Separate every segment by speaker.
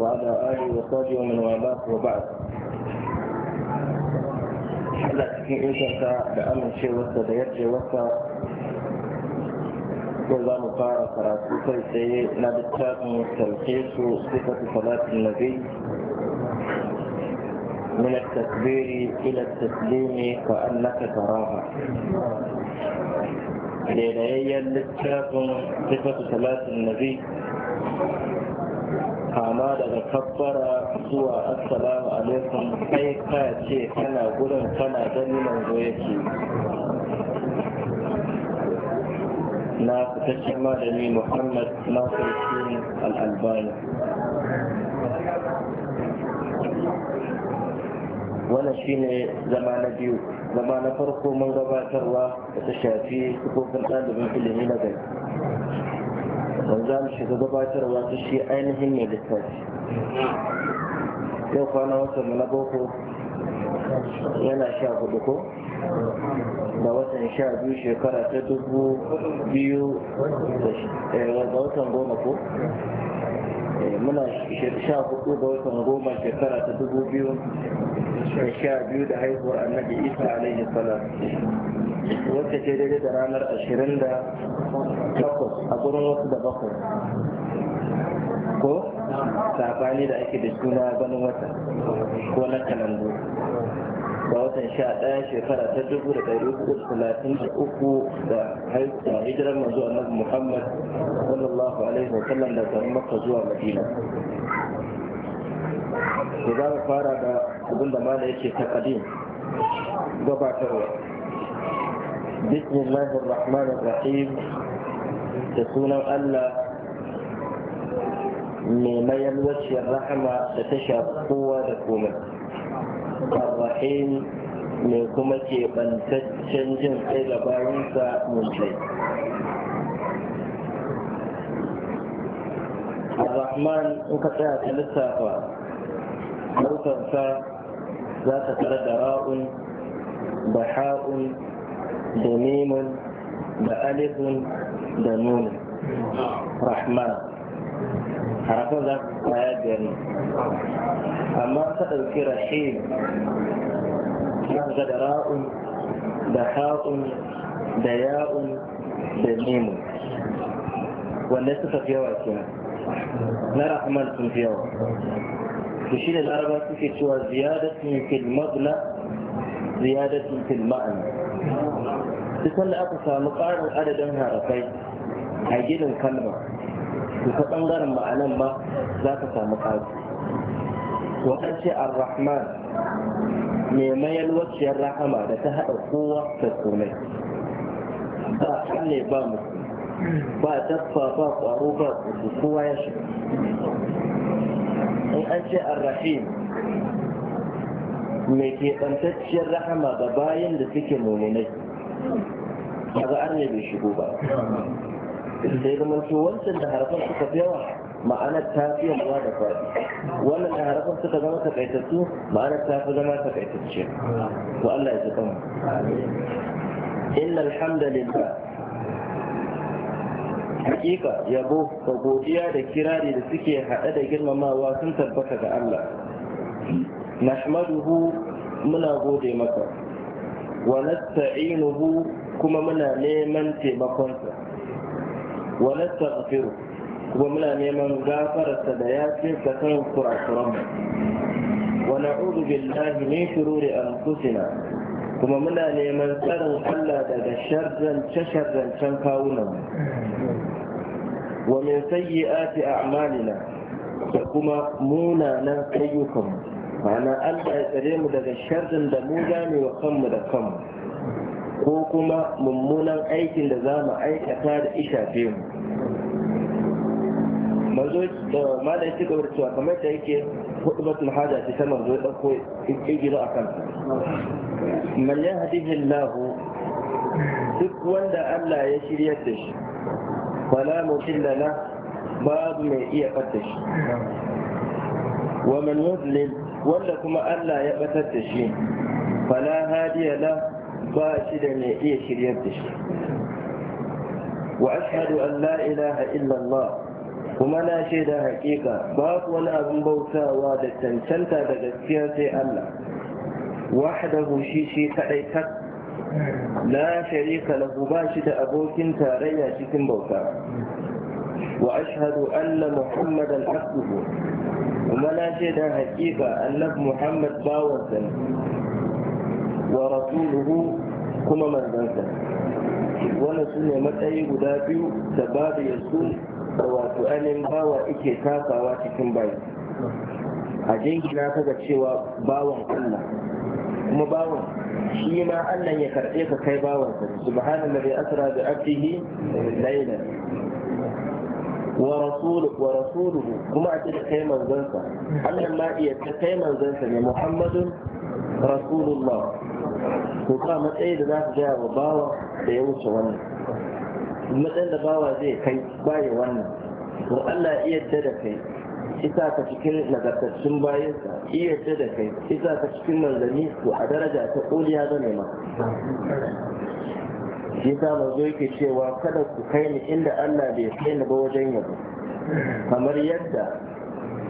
Speaker 1: وعلى آله وصحبه ومن والاه وبعد حلقتي انتهى بأمن شيء وسط ديرج وسط كل ما قارن صلاته فيسي نبتاكم التلخيص صفة صلاة النبي من التكبير إلى التسليم كأنك تراها ليلة هي اللي صفة صلاة النبي kama daga kabbara zuwa assalamu alaikum kai ka ce kana gurin kana gani manzo yake na fitaccen malami muhammad nasiruddin al'albani wannan shine zama na biyu zama na farko mun gabatarwa da ta shafi kofin ɗalibin ilimi na gari don za mu shiga gabatarwa ta shi ainihin mai littafi yau kwana watan na boko yana sha hudu ko da watan sha biyu shekara ta dubu biyu da eh, watan goma ko eh, muna sha hudu da watan goma shekara ta dubu biyu da sha biyu da haihuwar annabi isa alaihi salam wacce ce daidai da ranar ashirin da takwas a gurin wasu da bakwai ko safani da ake da juna ganin wata ko na kalandu Ba watan sha ɗaya shekara ta dubu da ɗari uku da talatin da uku da haihuwa hijirar manzo annabi muhammad sallallahu alaihi wa sallam daga maka zuwa madina to za mu fara da abin da mala yake ta kadin gabatarwa بسم الله الرحمن الرحيم تكون ألا مما يلوش الرحمة تتشاب قوة لكم الرحيم من كما تيبان تتشنجن إلى بارنسا من شيء الرحمن وكتاة للسافة مرتبة ذات ثلاث راء بحاء دميم بألف دانون رحمة حرفنا آدم يعني. أما سأل كرحيم غدراء دحاء دياء دميم والناس يعني. في وقتها نرى أحمد في وقتها بشيل العربة في زيادة في المبنى زيادة في المعنى duk wanda aka samu ƙarin adadin harafai a ginin kalma to ta ɓangaren ma'anan ma za ka samu ƙari wakan ce ar-rahman mai mayalwaciyar rahama da ta haɗa kowa da komai ba ne ba mu ba dabba ba ƙwaro ba tsoro kowa ya shiga in an ce ar-rahim mai keɓantacciyar rahama ga bayan da suke muminai za a ne bai shigo ba sai zama manto wancan da harafin suka fi yawa ma'anar ta fi yawa da faɗi wannan da harafin suka zama takaitattu ma'anar ta fi zama kaitacce. to Allah ya ji kan inna alhamdulillah hakika yabo ga godiya da kirari da suke haɗe da girmamawa sun tabbata ga Allah nahmaduhu muna gode maka wa nasta'inuhu kuma muna neman taimakonsa wa nastaghfiru kuma muna neman gafararsa da yafe ka kan kurakuranmu wa na'udhu billahi min shururi anfusina kuma muna neman tsarin Allah daga sharrance-sharrancen kawunanmu wa min sayyi'ati a'malina da kuma munanan ayyukanmu ma'ana allah ya tsare mu daga sharrin da mu gane wa kanmu da kanmu ko kuma mummunan aikin da za mu aikata da ishafe mu manzo da mala ya cigaba da cewa kamar da yake hudu batun haja ce ta manzo ya ɗauko ƙirƙiro a kan man ya hadihin lahu duk wanda allah ya shirya da shi fala mutilla na babu mai iya fata shi wa man yudlil wanda kuma Allah ya batar da shi fala hadiya la ba shi da mai iya shiryar da shi wa ashhadu an la ilaha illa Allah kuma na shaida hakika babu wani abin bautawa da cancanta da gaskiya sai Allah wahdahu shi shi kadai tak la sharika lahu ba shi da abokin tarayya cikin bauta wa ashhadu anna muhammadan abduhu kuma na ce dan hakika annabi muhammad bawansa ne wa rasuluhu kuma manzansa wannan su ne matsayi guda biyu da babu yasu da wato ainihin bawa ike kasawa cikin bayi a na kaga cewa bawan allah kuma bawan shi ma allah ya karɓe ka kai bawansa subhanallahi asra da abdihi laila ورسوله ورسوله كما أتد كيما زنسا أن ما إيتا كيما زنسا محمد رسول الله وقام أيضا ذات جاء وباوة يوش وانا مثلا باوة زي كي باي وانا وألا إيتا كي isa ka cikin nagartattun bayansa iya da kai isa ka cikin manzanni to a daraja ta ƙoliya zane ma shi sa manzo yake cewa kada ku kai ni inda Allah bai kai ni ba wajen yabo kamar yadda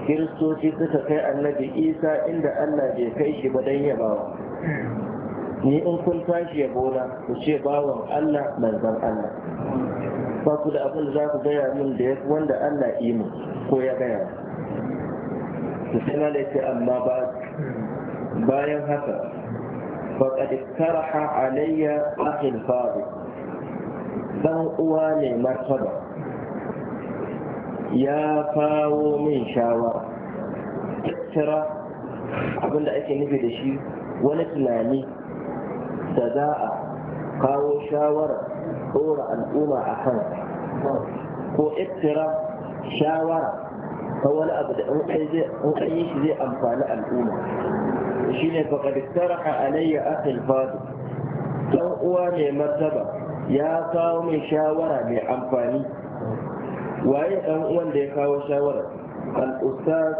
Speaker 1: kiristoci suka kai annabi isa inda Allah bai kai shi ba dan yabawa ni in kun tashi yabo na ku ce bawan Allah manzon Allah ba ku da abin da za ku gaya min da wanda Allah yi mu ko ya gaya ku sai na da amma ba bayan haka faƙaɗi karaha alayya akhin fadu ɗan uwa ne martaba ya kawo min shawara tattara abinda ake nufi da shi wani tunani da za a kawo shawara ɗora al'umma a kan ko ittira shawara ta wani abu da in an shi zai amfani al'umma shine faqad sarha alayya akhil fadil dan uwa mai martaba ya kawo mai shawara mai amfani waye dan uwan da ya kawo shawara al ustaz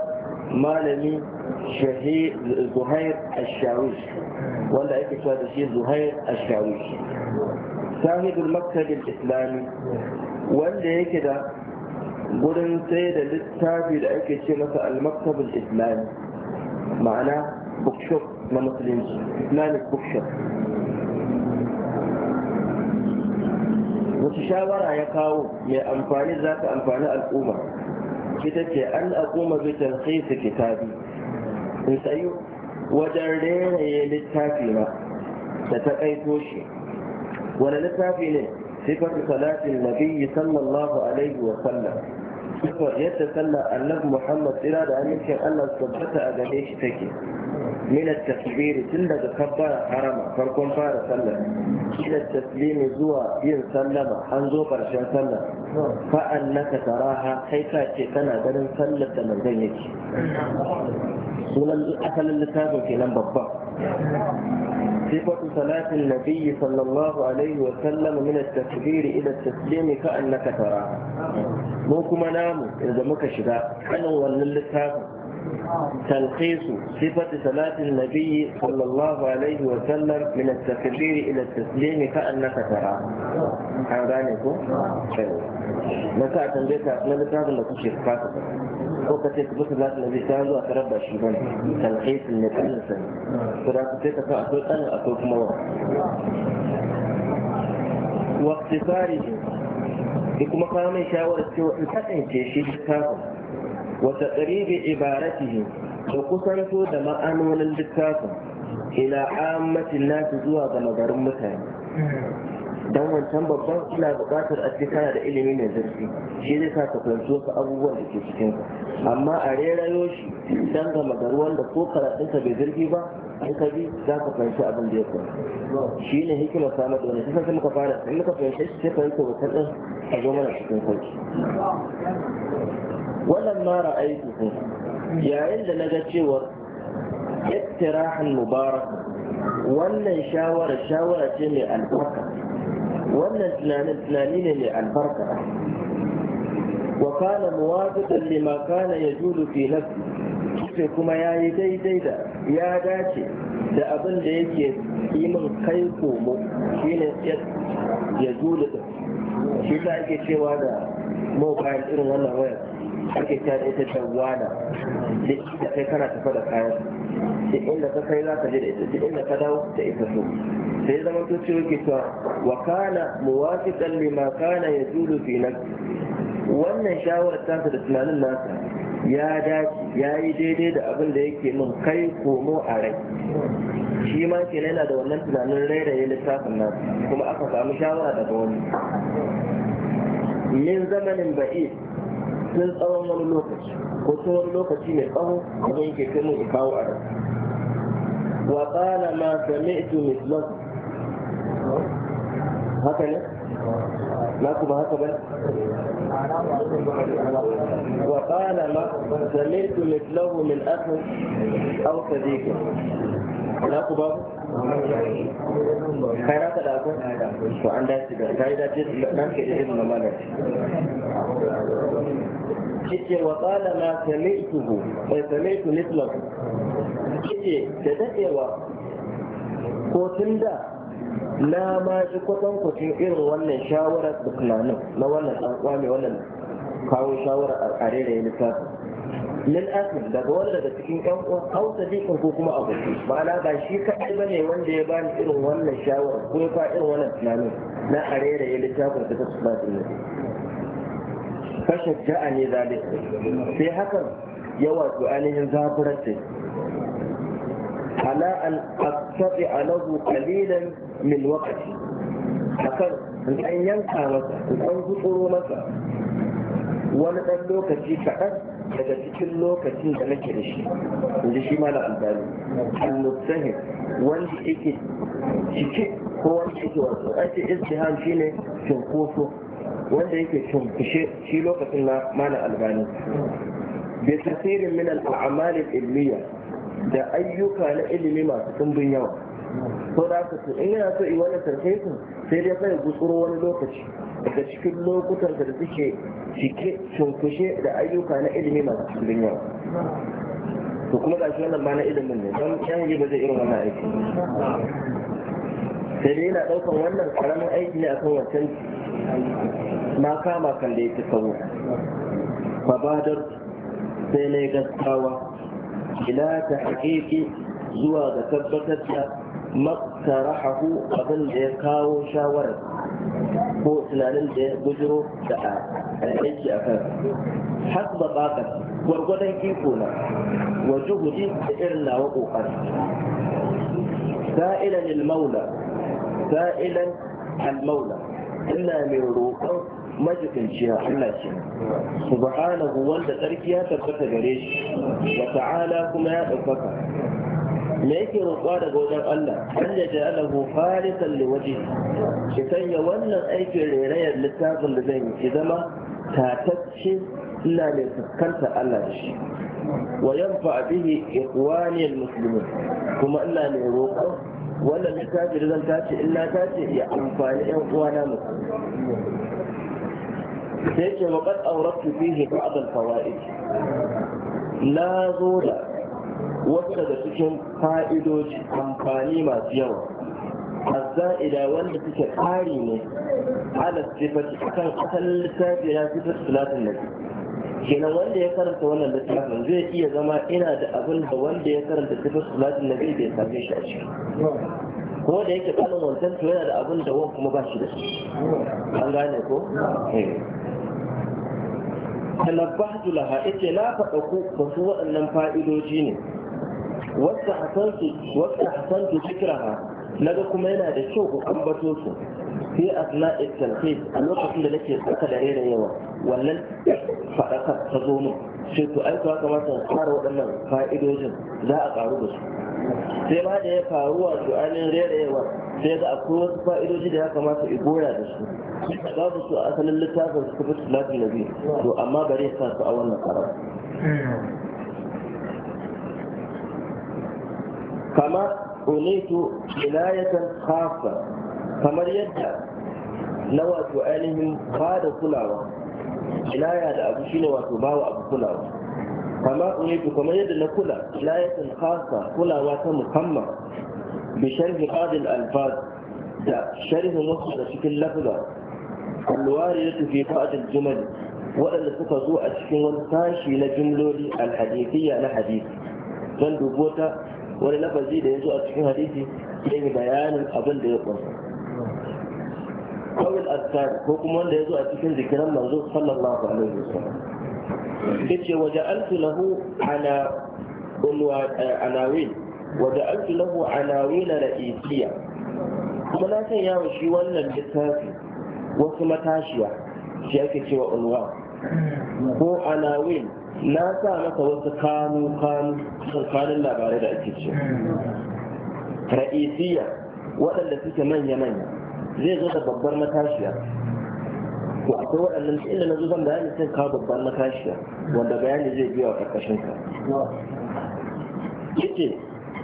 Speaker 1: malami shahid zuhair shawish wanda ake cewa da shi zuhair ash-shawish sahibul maktab al-islami wanda yake da gurin sai da littafi da ake ce masa al-maktab al-islami ma'ana bookshop na musulunci islamic bookshop wasu shawara ya kawo mai amfani za ta amfani al'umma ita ce an al'umma bi tarhisa kitabi in sayo wajen renaye littafi ma da ta kaito shi wani littafi ne sifar salatin nabiyyi sallallahu alaihi wa sallam yadda sallar annabi muhammad tsira da amincin allah su tabbata a gare shi take من التكبير تند تكبر حرم فركم فار سلم إلى التسليم زوا ين سلم حنزو برش سلم فأنك تراها حيث أتيتنا دن سلت من ذيك والأثل اللي تابه في نمبر صفة صلاة النبي صلى الله عليه وسلم من التكبير إلى التسليم فأنك تراها مو كما إذا مكشدا أنا ولا اللي تلخيص صفة صلاة النبي صلى الله عليه وسلم من التكبير إلى التسليم فأنك ترى حمدانكم نساء تنجيك أحمد تعالى لك شيخ فاتك وكتك صلاة النبي صلى الله عليه وسلم تلخيص النبي صلى الله عليه وسلم فراتك واختصاره بكم قام يشاور التوحيد حتى انتشي بكاكم wata ƙaribi ibaratihi da kusanto da ma'anonin littafin ila ammatin nasu zuwa ga magarin mutane don wancan babban ina buƙatar a kana da ilimi mai zurfi shi zai sa ka fahimci wasu abubuwan da ke cikin ka amma a rera yoshi, don ga magaru wanda ko karatunsa bai zurfi ba an ka bi za ka fahimci abin da ya faru shi ne hikima samar da wani sai muka fara sai muka fahimci shi sai yi wata ɗin a zo mana cikin sauki wannan mara aiki yayin da na ga cewar ittirahan mubarak wannan shawara shawara ce mai albarka wannan tunanin tunani ne mai albarka Wakana, kana muwafiqan lima kana yajulu fi kuma yayi daidai da ya dace da abinda yake yi min kai komo shine ya julu shi ta ake cewa da mobile irin wannan wayar ake ta da ita da kai kana tafa da kayan duk inda ka kai za ka je da ita duk inda ka dawo ta ita so sai zama to ciwo ke cewa wa kana muwafiqan lima kana yajulu fi nafsi wannan shawarar ta da tunanin nasa ya dace ya yi daidai da abin da yake min kai komo a rai shi ma ke yana da wannan tunanin rairaye littafin nan kuma aka samu shawara daga wani min zamanin ba'i sun tsawon wani lokaci ko tun wani lokaci mai tsawo abin yake kai mun kawo a rai wa qala ma sami'tu mithlahu haka ne na kuma haka ba wa qala ma sami'tu mithlahu min akhi aw sadiqin na ku ba kai na ka dace to an dace da kai dace da kan ke da irin mamalaka yace wa qala ma sami'tuhu wa sami'tu mithlahu yace da dadewa ko da na ma ji kwatan kwacin irin wannan shawarar da tunanin na wannan dan mai wannan kawo shawarar a ƙare da ya lissafi min asin daga wanda daga cikin yan uwa hausa dikin ko kuma aboki ma'ana ba shi kaɗai ba ne wanda ya bani irin wannan shawarar ko ya fa irin wannan tunanin na ƙare da ya lissafin da ta tsubatu fashe ja'a ne zalik sai hakan ya wato ainihin zaburar da ala an aktabi alahu qalilan min waqti akan in an yanka masa in an gutsuro masa wani ɗan lokaci kaɗan daga cikin lokacin da nake da shi in ji shi malam albani al-mustahil wanda yake cike ko wanda yake wato ake shi ne cinkoso wanda yake tumfushe shi lokacin na mana albani bi tasirin min al'amal ilmiya da ayyuka na ilimi masu tumbin yawa So da ka to in yana so i wani tarfesin sai dai kai gutsuro wani lokaci daga cikin lokutan da suke cike tumfushe da ayyuka na ilimi masu tumbin yawa to kuma ga shi wannan ba na ilimin ne don yanzu ba zai irin wannan aiki sai dai yana ɗaukar wannan ƙaramin aiki ne akan wancan na kama kan da yake kawo fabadar sai na gaskawa ila ta haƙiƙi zuwa ga tabbatar da maktarahu abin da ya kawo shawarar ko tunanin da ya bujiro da aiki a kan hasba bakar gwargwadon iko na wa juhudi da irin nawa ƙoƙari sa'ilan al-maula sa'ilan al-maula ina mai roƙon majibinciya Allah ce subhanahu wanda tsarki ya tabbata gare shi wa ta'ala kuma ya ɗaukaka me yake roƙa daga wajen Allah an ya ja lahu khalisan li waje ki sanya wannan aikin rairayar littafin da zan yi ki zama tatacce ina mai fuskanta Allah da shi wa yanfa bihi ikhwani almuslimin kuma ina mai roƙon wannan littafin da zan tace illa tace ya amfani ƴan uwana musulmi سيدي وقد أوردت فيه بعض الفوائد لا زولا وصل تكن فائدوش أمفاني ما زيو الزائدة والتي تكارين على الصفة حكاً قتل السادة إلى صفة صلاة النبي هنا وان دي يسرن تولى التي أفن زي إيا زما إنا دي هو وان دي يسرن صلاة النبي دي سابيش أشياء هو دي يكي قالوا وان تنتو إنا دي أقول دي tanabbahtu laha ita na faɗa ku ba su waɗannan fa'idoji ne wasta hasantu wasta hasantu na naga kuma yana da kyau ku ambato su في أثناء التنفيذ الوقت اللي لك يتأكد علينا يوا ولا فأكد تظن شيء تؤيك كما تنصار وأن فائدوجن ذا أقعد sai ma da ya faru a su'anin rerewa sai ga akwai wasu fa'idoji da ya kamata i goya da su babu su a asalin littafin su kuma tilafin na biyu to amma bare sa su a wannan karar kama inayatan khafa kamar yadda na wato ainihin ba da kulawa inaya da abu shine wato ba wa abu kulawa kama uyetu kamar yadda na kula inayatin khasa kulawa ta musamman bi sharhi qadil alfaz da sharhin wasu da cikin lafza alwari da tafi fa'adil jumali waɗanda suka zo a cikin wani sashi na jumloli alhadithiyya na hadisi don dubota wani lafazi da ya zo a cikin hadisi ya yi bayanin abin da ya ƙunsa awil azkar ko kuma wanda ya zo a cikin zikiran manzo sallallahu alaihi wasallam yace wa ja'altu lahu ala ulwa eh, anawin wa ja'altu lahu na ra'isiya kuma na san yawo shi wannan littafi wasu matashiya shi ake cewa 'unwa. ko anawin na sa masa wasu kanu kanu tsakanin labarai da ake ce ra'isiya waɗanda suke manya-manya zai zo da babbar matashiya to akwai waɗannan da inda na zo zan bayani sai kawo babbar matashiya wanda bayani zai biya a ƙarƙashin ka yace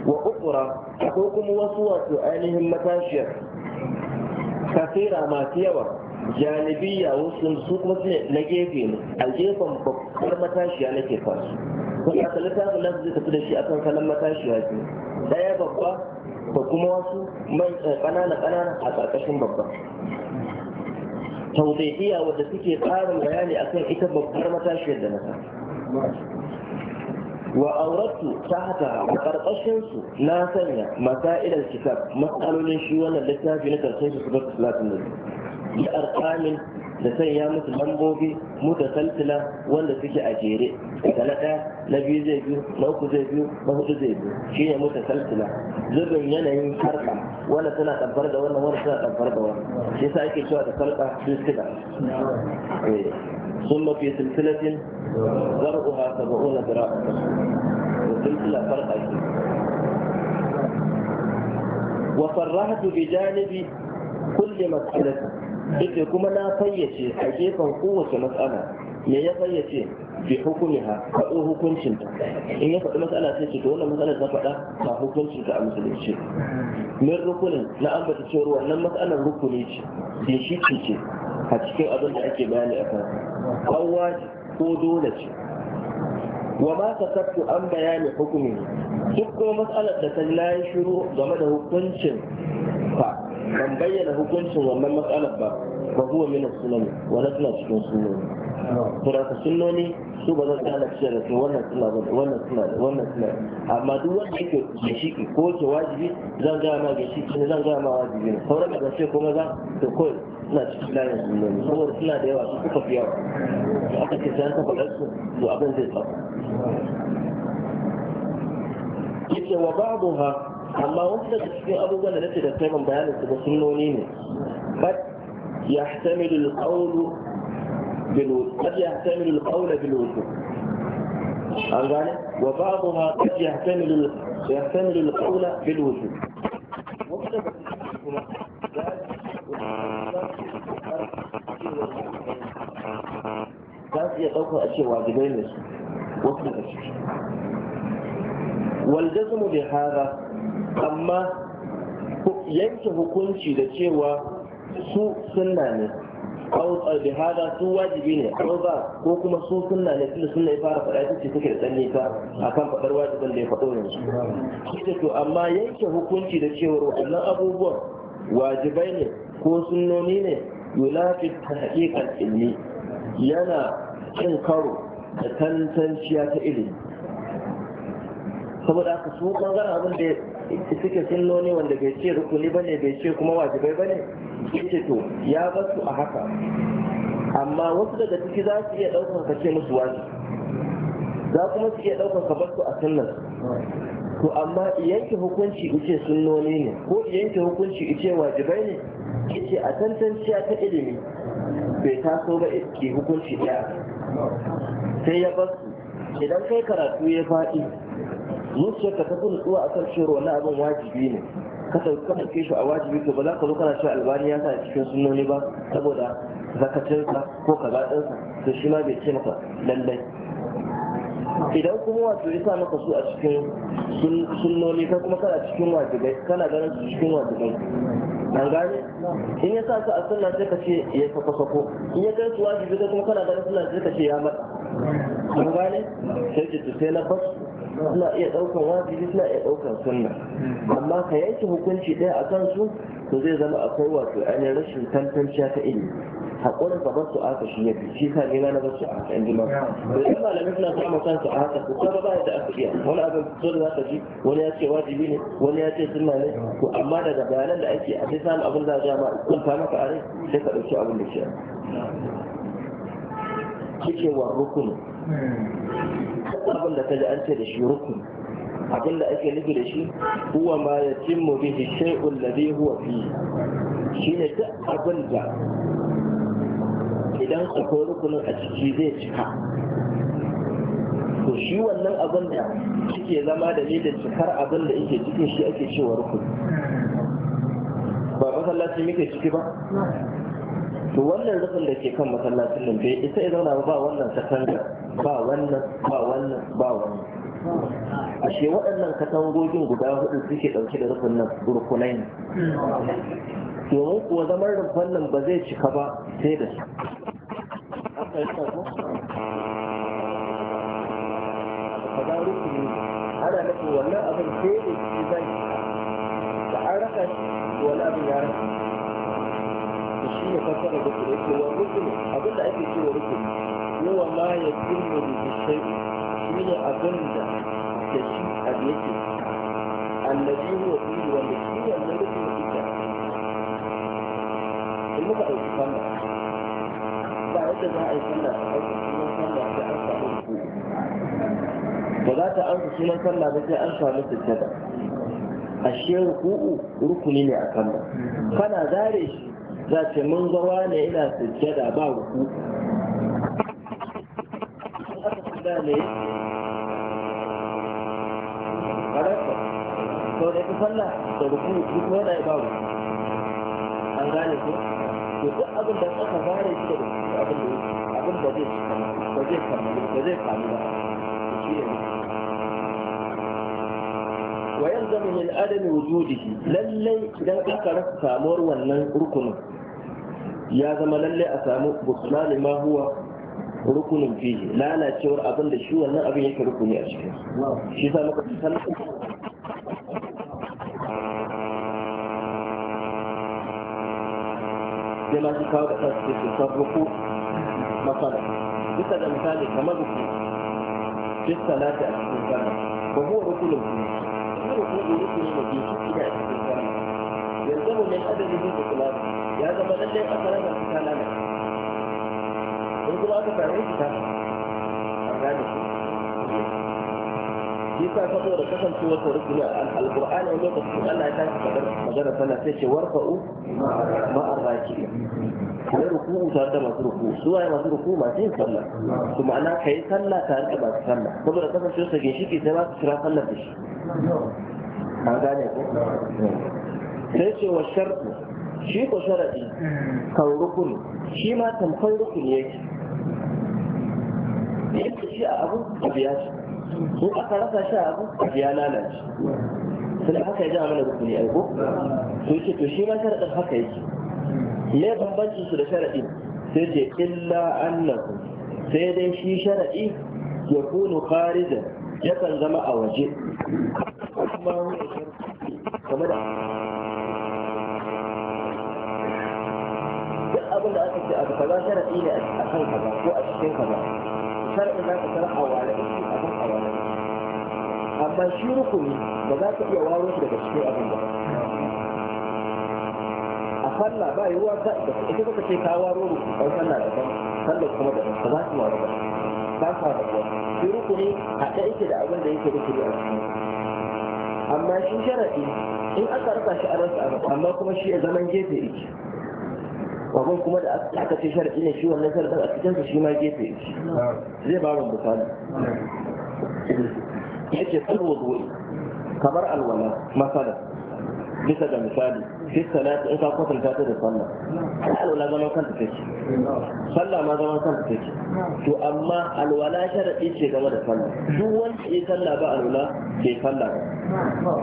Speaker 1: wa ukura akwai kuma wasu wato ainihin matashiyar kasira masu yawa janibiya wasu su kuma su ne na gefe ne a gefen babbar matashiya nake fasu kuma a talata na zai tafi da shi akan kalan matashiya ce daya babba da kuma wasu mai eh, ƙanana ƙanana a ƙarƙashin babba tausayiya wadda suke tsara bayani akan ita babbar matashiyar da nasa wa auratu tahta a karkashin su na sanya masailar kitab matsalolin shi wannan littafi na karshen su da salatin nabi da arqamin da ya musu lambobi mutasalsila wanda suke a jere da na ɗaya na biyu zai biyu na uku zai biyu na hudu zai biyu shi ne mutasalsila zubin yanayin harka wanda tana tabbar da wannan wanda tana tabbar da wannan shi sa ake cewa da salka silsila ثم في سلسلة زرعها سبعون shi wa farrahatu bi janibi kulli mas'alatin yake kuma na fayyace a gefen kowace matsala me ya fayyace bi hukumiha hukuncin hukuncinta in ya faɗi matsala sai ce to wannan matsala ta faɗa hukuncin ta a musulunci min rukunin na ambata cewa wannan matsalar rukuni ce shi ce a cikin abin da ake bayani a kan kawwa ko dole ce wa ma kasabtu an bayani hukumi duk kuma matsalar da ta layi shiru game da hukuncin ban bayyana hukuncin wannan matsalar ba ba huwa min sunan wala tana cikin sunan to da sunnoni su ba zan tsala ce da wannan suna ba wannan suna wannan suna amma duk wanda yake shi ko ke wajibi zan ga ma shi ne zan ga ma wajibi ne sauran da ce kuma za to ko suna cikin layin sunani saboda suna da yawa su suka fi yawa aka ce sai an taɓa ɗansu to abin zai tsaka yake wa ba'dha amma wasu daga cikin abubuwan da nake da kai ban bayanin su ba sunnoni ne qad yahtamilu al-qawlu bil qad yahtamilu al-qawla bil wujub an gane wa ba'dha qad yahtamilu yahtamilu al-qawla bil wujub
Speaker 2: wasu daga cikin kuma za
Speaker 1: su iya ɗauka a cewa wajibai ne su wasu daga ciki waljazmu jazmu bi hada amma yanke hukunci da cewa su sunna ne aw bi hada su wajibi ne aw ba ko kuma su sunna ne tunda sunna ya fara faɗa cikin take da tsalle ta akan fadar wajibin da ya faɗo yanzu ita to amma yanke hukunci da cewa wannan abubuwan wajibai ne ko sunnoni ne yulafi tahqiqan ilmi yana cin karo da tantanciya ta ilimi saboda haka su bangaren abin da suke sunnoni wanda bai ce rukuni bane bai ce kuma wajibai bane ce to ya basu a haka amma wasu daga ciki za su iya ɗaukar ka ce musu wani za kuma su iya ɗaukar ka basu a sunan to amma yanke hukunci ice sunnoni ne ko yanke hukunci ice wajibai ne ce a tantanciya ta ilimi bai taso ba ke hukunci ɗaya sai ya basu idan kai karatu ya faɗi ka ta fi zuwa a san shiro wannan abin wajibi ne ka ka ɗauke shi a wajibi to ba za ka zo kana cewa albani ya sa cikin sunnoni ba saboda zakacinsa ko kazaɗinsa to shi ma bai ce maka lallai idan kuma wato ya sa maka su a cikin sunnoni ka kuma kana cikin wajibai kana ganin su cikin wajibai an gane in ya sa su a sunna sai ka ce ya sako sako in ya kai su wajibi ka kuma kana ganin sunna sai ka ce ya mata an gane sai ce sai na basu suna iya ɗaukan wajibi suna iya ɗaukan sunna amma ka yanke hukunci ɗaya a kan su to zai zama akwai wato ainihin rashin tantanciya ta ilimi haƙurin ka su aka shi ya fi shi ka ne na bar su a haka inji ma to idan malamai suna samun kansu a haka ko ka ba da aka iya wani abin so da za ka ji wani ya ce wajibi ne wani ya ce sunna ne to amma daga bayanan da ake a sai samun abin da za a ma kunta maka a rai sai ka ɗauki abin da ke wa rukunu hmm. abin da ji an ce da shi rukun abin da ake nufi da shi huwa ma ya cimmu bihi shi ladhi huwa fi ne duk abin da idan akwai rukunin a ciki zai cika to shi wannan abin da suke zama da da cikar abin da yake cikin shi ake cewa rukun ba masallaci muke ciki ba to wannan rufin da ke kan masallacin nan bai isa ya zauna ba wannan katanga ba wannan ba wannan ba wannan ashe waɗannan katangogin guda hudu suke ɗauke da rufin nan burkunai ne domin kuwa zaman rufin nan ba zai cika ba sai da su ana nufin wannan abin sai da shi zai da an raka shi wani abin ya raka shi ne fassara da kure ke wa rukuni abin da ake cewa rukuni yawa ma ya girma da bishai shi ne abin da da shi abu yake allazi huwa kuma wanda shi ne wannan rukuni ita in muka ɗauki sallah ba yadda za a yi sallah a ɗauki sunan sallah sai an samu rukuni ba za ta an sunan sallah ba sai an samu sujjada ashe ruku'u rukuni ne a kan kana zare shi za ce mun zawa ne ina sujjada ba ku sau da sallah da rukun ko wanda ya babu an gane ko to duk abin da aka fara shi da abin da abin da zai ba zai kammalu ba zai ba shi ne wa yanzu min adam lallai idan aka rasa samuwar wannan rukunin ya zama lalle a samu butlani ma huwa rukunin fihi lalacewar abin da shi wannan abin yake rukuni a cikin shi sa muka san sai ma su kawo da kansu su sarruku masana bisa da misali kamar ruku fi salati a cikin sallah ba huwa rukunin fihi rukunin fihi ne da ke shi a cikin sallah yanzu mu min adadin bin islam ya zama lallai aka rasa su ta lana in kuma aka same shi ta an gane shi yasa saboda kasancewar ta a alqur'ani ne ba su Allah ta fadar magana sana sai ce warfa'u ma arraki ne ruku'u tare da masu ruku'u su waye masu ruku'u masu yin sallah su ma'ana kai sallah tare da masu sallah saboda kasancewar sa ginshiki sai ma su kira sallar da shi an gane ko sai ce wa sharɗu shi ko sharaɗi kan rukuni shi ma tamkar rukuni yake yadda shi a abu a biya shi ko aka rasa shi a abu a biya lalace sai haka ya ja mana rukuni a ko to yake to shi ma sharaɗin haka yake me bambancin su da sharaɗi sai ce illa annahu sai dai shi sharaɗi ya kunu kharijan yakan zama a waje kuma kamar da abin da aka ce abu kaza sharaɗi ne a kan kaza ko a cikin kaza sharaɗin za ka tara a ware da shi abin a ware amma shi rukuni ba za ka iya waro shi daga cikin abin ba a falla ba yiwuwa ka ita kuka ce ka waro rukuni ɗan falla daban sallar kuma daban ba za ka waro ba ba ka da kuwa shi rukuni haɗe yake da abin da yake rukuni a cikin amma shi sharaɗi in aka rasa shi a rasa amma kuma shi a zaman gefe yake abin kuma da aka ce sharaɗi ne shi wannan sharaɗin a cikinsa shi ma gefe zai ba mu misali ya ce kan wudu'i kamar alwala masala bisa da misali fi salati in ka kwatanta ta da sallah alwala zaman kanta take sallah ma zaman kanta take to amma alwala sharaɗi ce game da sallah duk wanda ya sallah ba alwala ke sallah ba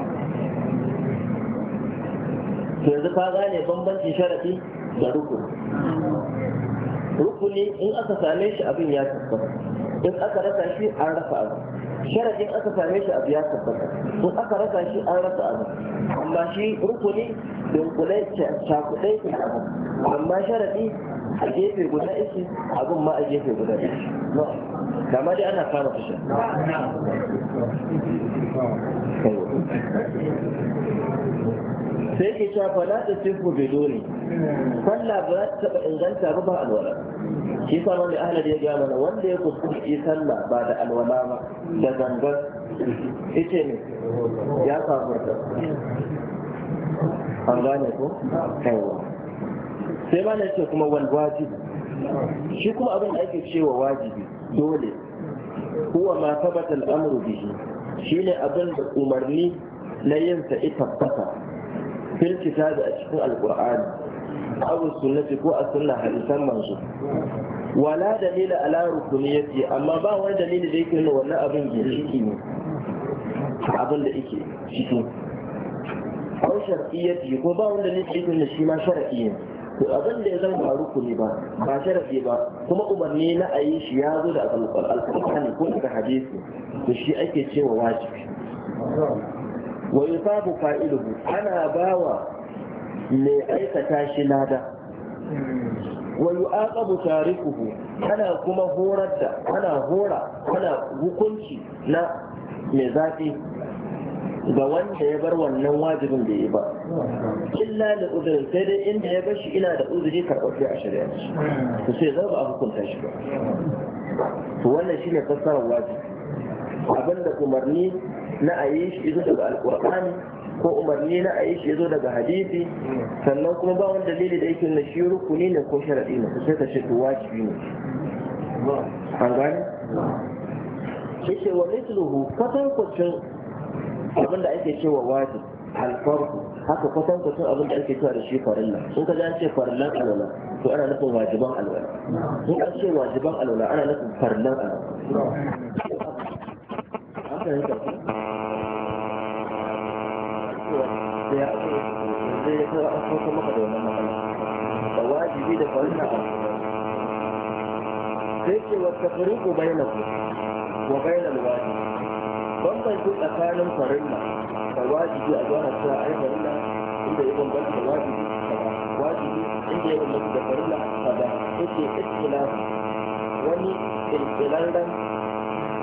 Speaker 1: to yanzu ka gane bambancin sharaɗi da rukuni rukuni in aka same shi abin ya tabbata in aka rasa shi an rasa abu sharadin aka same shi abu ya tabbata in aka rasa shi an rasa abu amma shi rukuni dunkulai cakudai ne abu amma sharadi a gefe guda ishi abin ma a gefe guda ishe kama dai ana fara fushi sai ke cewa fala da sifu bidoni sallah ba za ta inganta ba ba alwala shi sa wani da ya ga mana wanda ya kuskure ki sallah ba da alwala ba da zangar ita ne ya kafurta an gane ko yawa sai ma na ce kuma wal wajibi shi kuma abin da ake cewa wajibi dole huwa ma tabbata al'amru bihi shine abin da umarni na yin sa ita tabbata fil kitabi a cikin alqur'ani abu sunnati ko a sunna hadisan manzo wala dalila ala rukuniyati amma ba wani dalili da yake nuna wannan abin ginshiki ne abin da yake cikin ko shar'iyyati ko ba wani dalili da yake nuna shi ma shar'i ne to abin da ya zama ba rukuni ba ba sharafi ba kuma umarni na a shi ya zo da alƙur'ani ko daga hadisi to shi ake cewa wajibi wa yusabu fa'iluhu ana bawa mai aikata shi lada wa yu'aqabu tarikuhu ana kuma horar da ana hora ana hukunci na mai zafi ga wanda ya bar wannan wajibin da ya ba illa da uzurin sai dai inda ya bashi ina da uzuri karɓar a shari'a to sai za ba a hukunta shi ba to wannan shine fassarar wajibi abinda umarni na a yi shi izo daga alkur'ani ko umarni na a yi shi izo daga hadisi sannan kuma ba wani dalili da yake na shi rukuni ne ko sharaɗi ne sai ka ce to wajibi ne an gani? gane yake wa mithluhu kwatankwacin abin da ake cewa wajib alfarku haka kwatankwacin abin da ake cewa da shi farilla in ka ji an ce farillan alwala to ana nufin wajiban alwala in an ce wajiban alwala ana nufin farillan alwala an fahimta ya daya zai ya kawo an sauka maka da wannan matsala da wajibi da farin a sai ce wa tafriqu bainakum wa bainal wajib bambanci tsakanin farilla da wajibi a zuwa ta farin farilla inda ya bambanta da wajibi wajibi inda ya bambanta da farin ba kaza yake ikhtilafu wani kirkirarren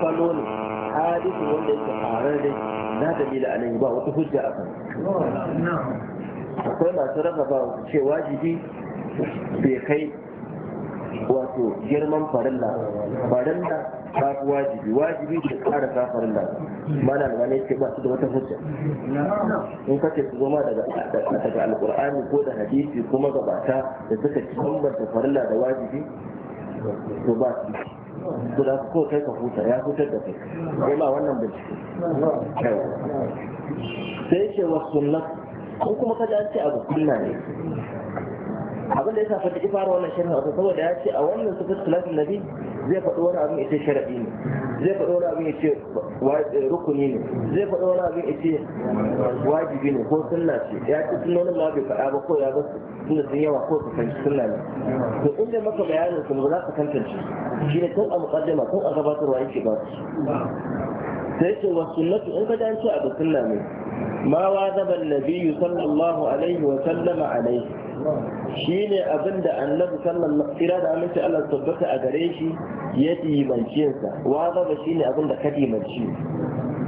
Speaker 1: falo ne hadisi wanda yake ƙararre Na dalila alaihi ba wata hujja a kan akwai masu rarraba ce wajibi bai kai wato girman farilla farilla ba fi wajibi wajibi da tsara ta farilla mana da wani ce ba su da wata hujja in ka ce su zama daga alkur'ani ko da hadisi kuma gabata da suka ci bambanta farilla da wajibi to ba su Guda da ko kai ka huta ya fitar da kai kai ba wannan bincike sai ce wasu ko kuma kaji an ce abu kunna ne abin da ya safa ta fara wannan sharhi a saboda ya ce a wannan sifat salatin nabi zai faɗo wani abin ita sharadi ne zai faɗo wani abin yace eh, rukuni ne zai faɗo wani abin ita wajibi ne ko sunna ce ya ce sunnonin ma bai faɗa ba ko ya ba sunna sun yawa ko su fanci sunna ne to inda maka bayanin sun za ka tantance shi ne tun a muqaddima tun a gabatarwa yake ba sai ce wa sunnatu in ka dace abu sunna ne ma wa zaba annabi sallallahu alaihi wa sallama alaihi shine abin da annabi sallallahu da aminci Allah tabbata a gare shi ya dimance sa abin da ka dimance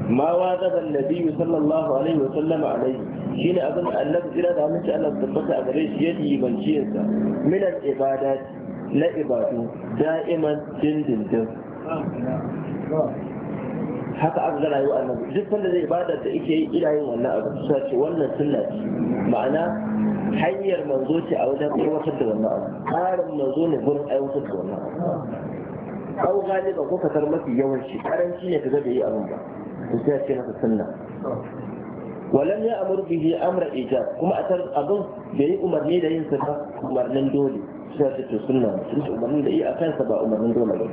Speaker 1: ma wazaba annabi sallallahu alaihi wa sallama alaihi ne abin da annabi tsira da aminci Allah tabbata a gare shi ya dimance sa ibadat la ibadu da'iman dindindin haka aka ga rayuwa annabi duk wanda zai ibada da yake yi ina yin wannan abu sai ce wannan sunna ce ma'ana hanyar manzo ce a wajen aiwatar da wannan abu tsarin manzo ne gurin aiwatar da wannan abu au galiba ko kasar mafi yawanci karanci ne kaga bai yi abin ba to sai ce maka sunna walam ya amur bihi amra ijab kuma a abin bai yi umarni da yin sa ba umarnin dole sai ce to sunna sun umarnin da yi a kansa ba umarnin dole ba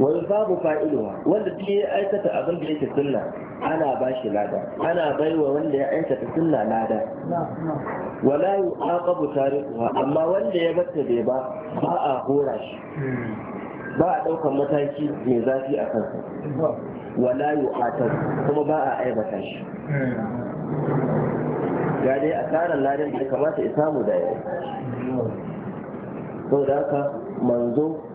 Speaker 1: wani babu fa'iluwa wanda duk ya aikata abin da yake sunna ana ba shi lada ana baiwa wanda ya aikata sunna lada wala yu aqabu tarikuha amma wanda ya batta bai ba ba a hora shi ba a daukan mataki mai zafi a kansa wala yu atab kuma ba a aibata shi ga dai tsarin ladan da kamata ya samu da yayi saboda haka manzo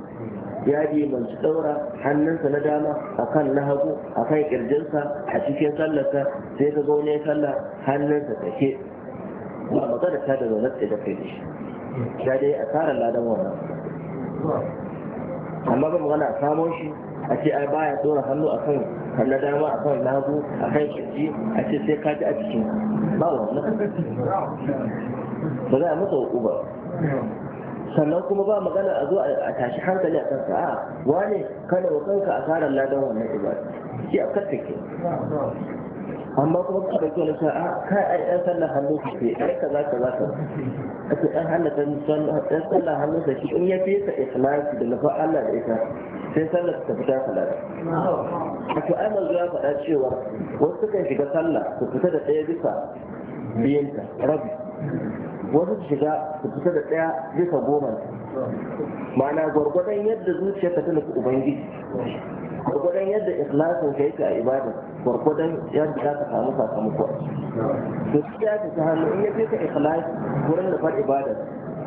Speaker 1: ya dimanci ɗaura hannunsa na dama a kan na hagu a kan ƙirjinsa, a cikin sallarsa sai ka zo ne sallah hannunsa take ba magana ta da zaune tsaye da kai da shi ya dai a tsarin ladan wannan amma ba magana a samo shi a ce ai baya dora hannu a kan na dama a kan na hagu a kan kirji a ce sai ka ji a cikin ba wannan ba za a masa hukuma sannan kuma ba magana a zo a tashi hankali a kansa a wane kana wa kanka a asarar ladan wannan ibada shi a kanta ke amma kuma ka ɗauki wani sa'a kai a ɗan sallah hannu ka ce ai kaza kaza ka ake ɗan halatta ɗan sallah hannu ka shi in ya fi ka ikhlasi da lafa Allah da ita sai sallar ta fita salat a to ai manzo ya faɗa cewa wasu kan shiga sallah su fita da ɗaya bisa biyanta rabi wasu su shiga su fita da ɗaya bisa goma ma'ana gwargwadon yadda zuciyarka ta nufi ubangiji gwargwadon yadda ikhlasin ka yake a ibada gwargwadon yadda za ka samu sakamako to shi ya ta hannu in ya fi ka ikhlasi wurin nufar ibada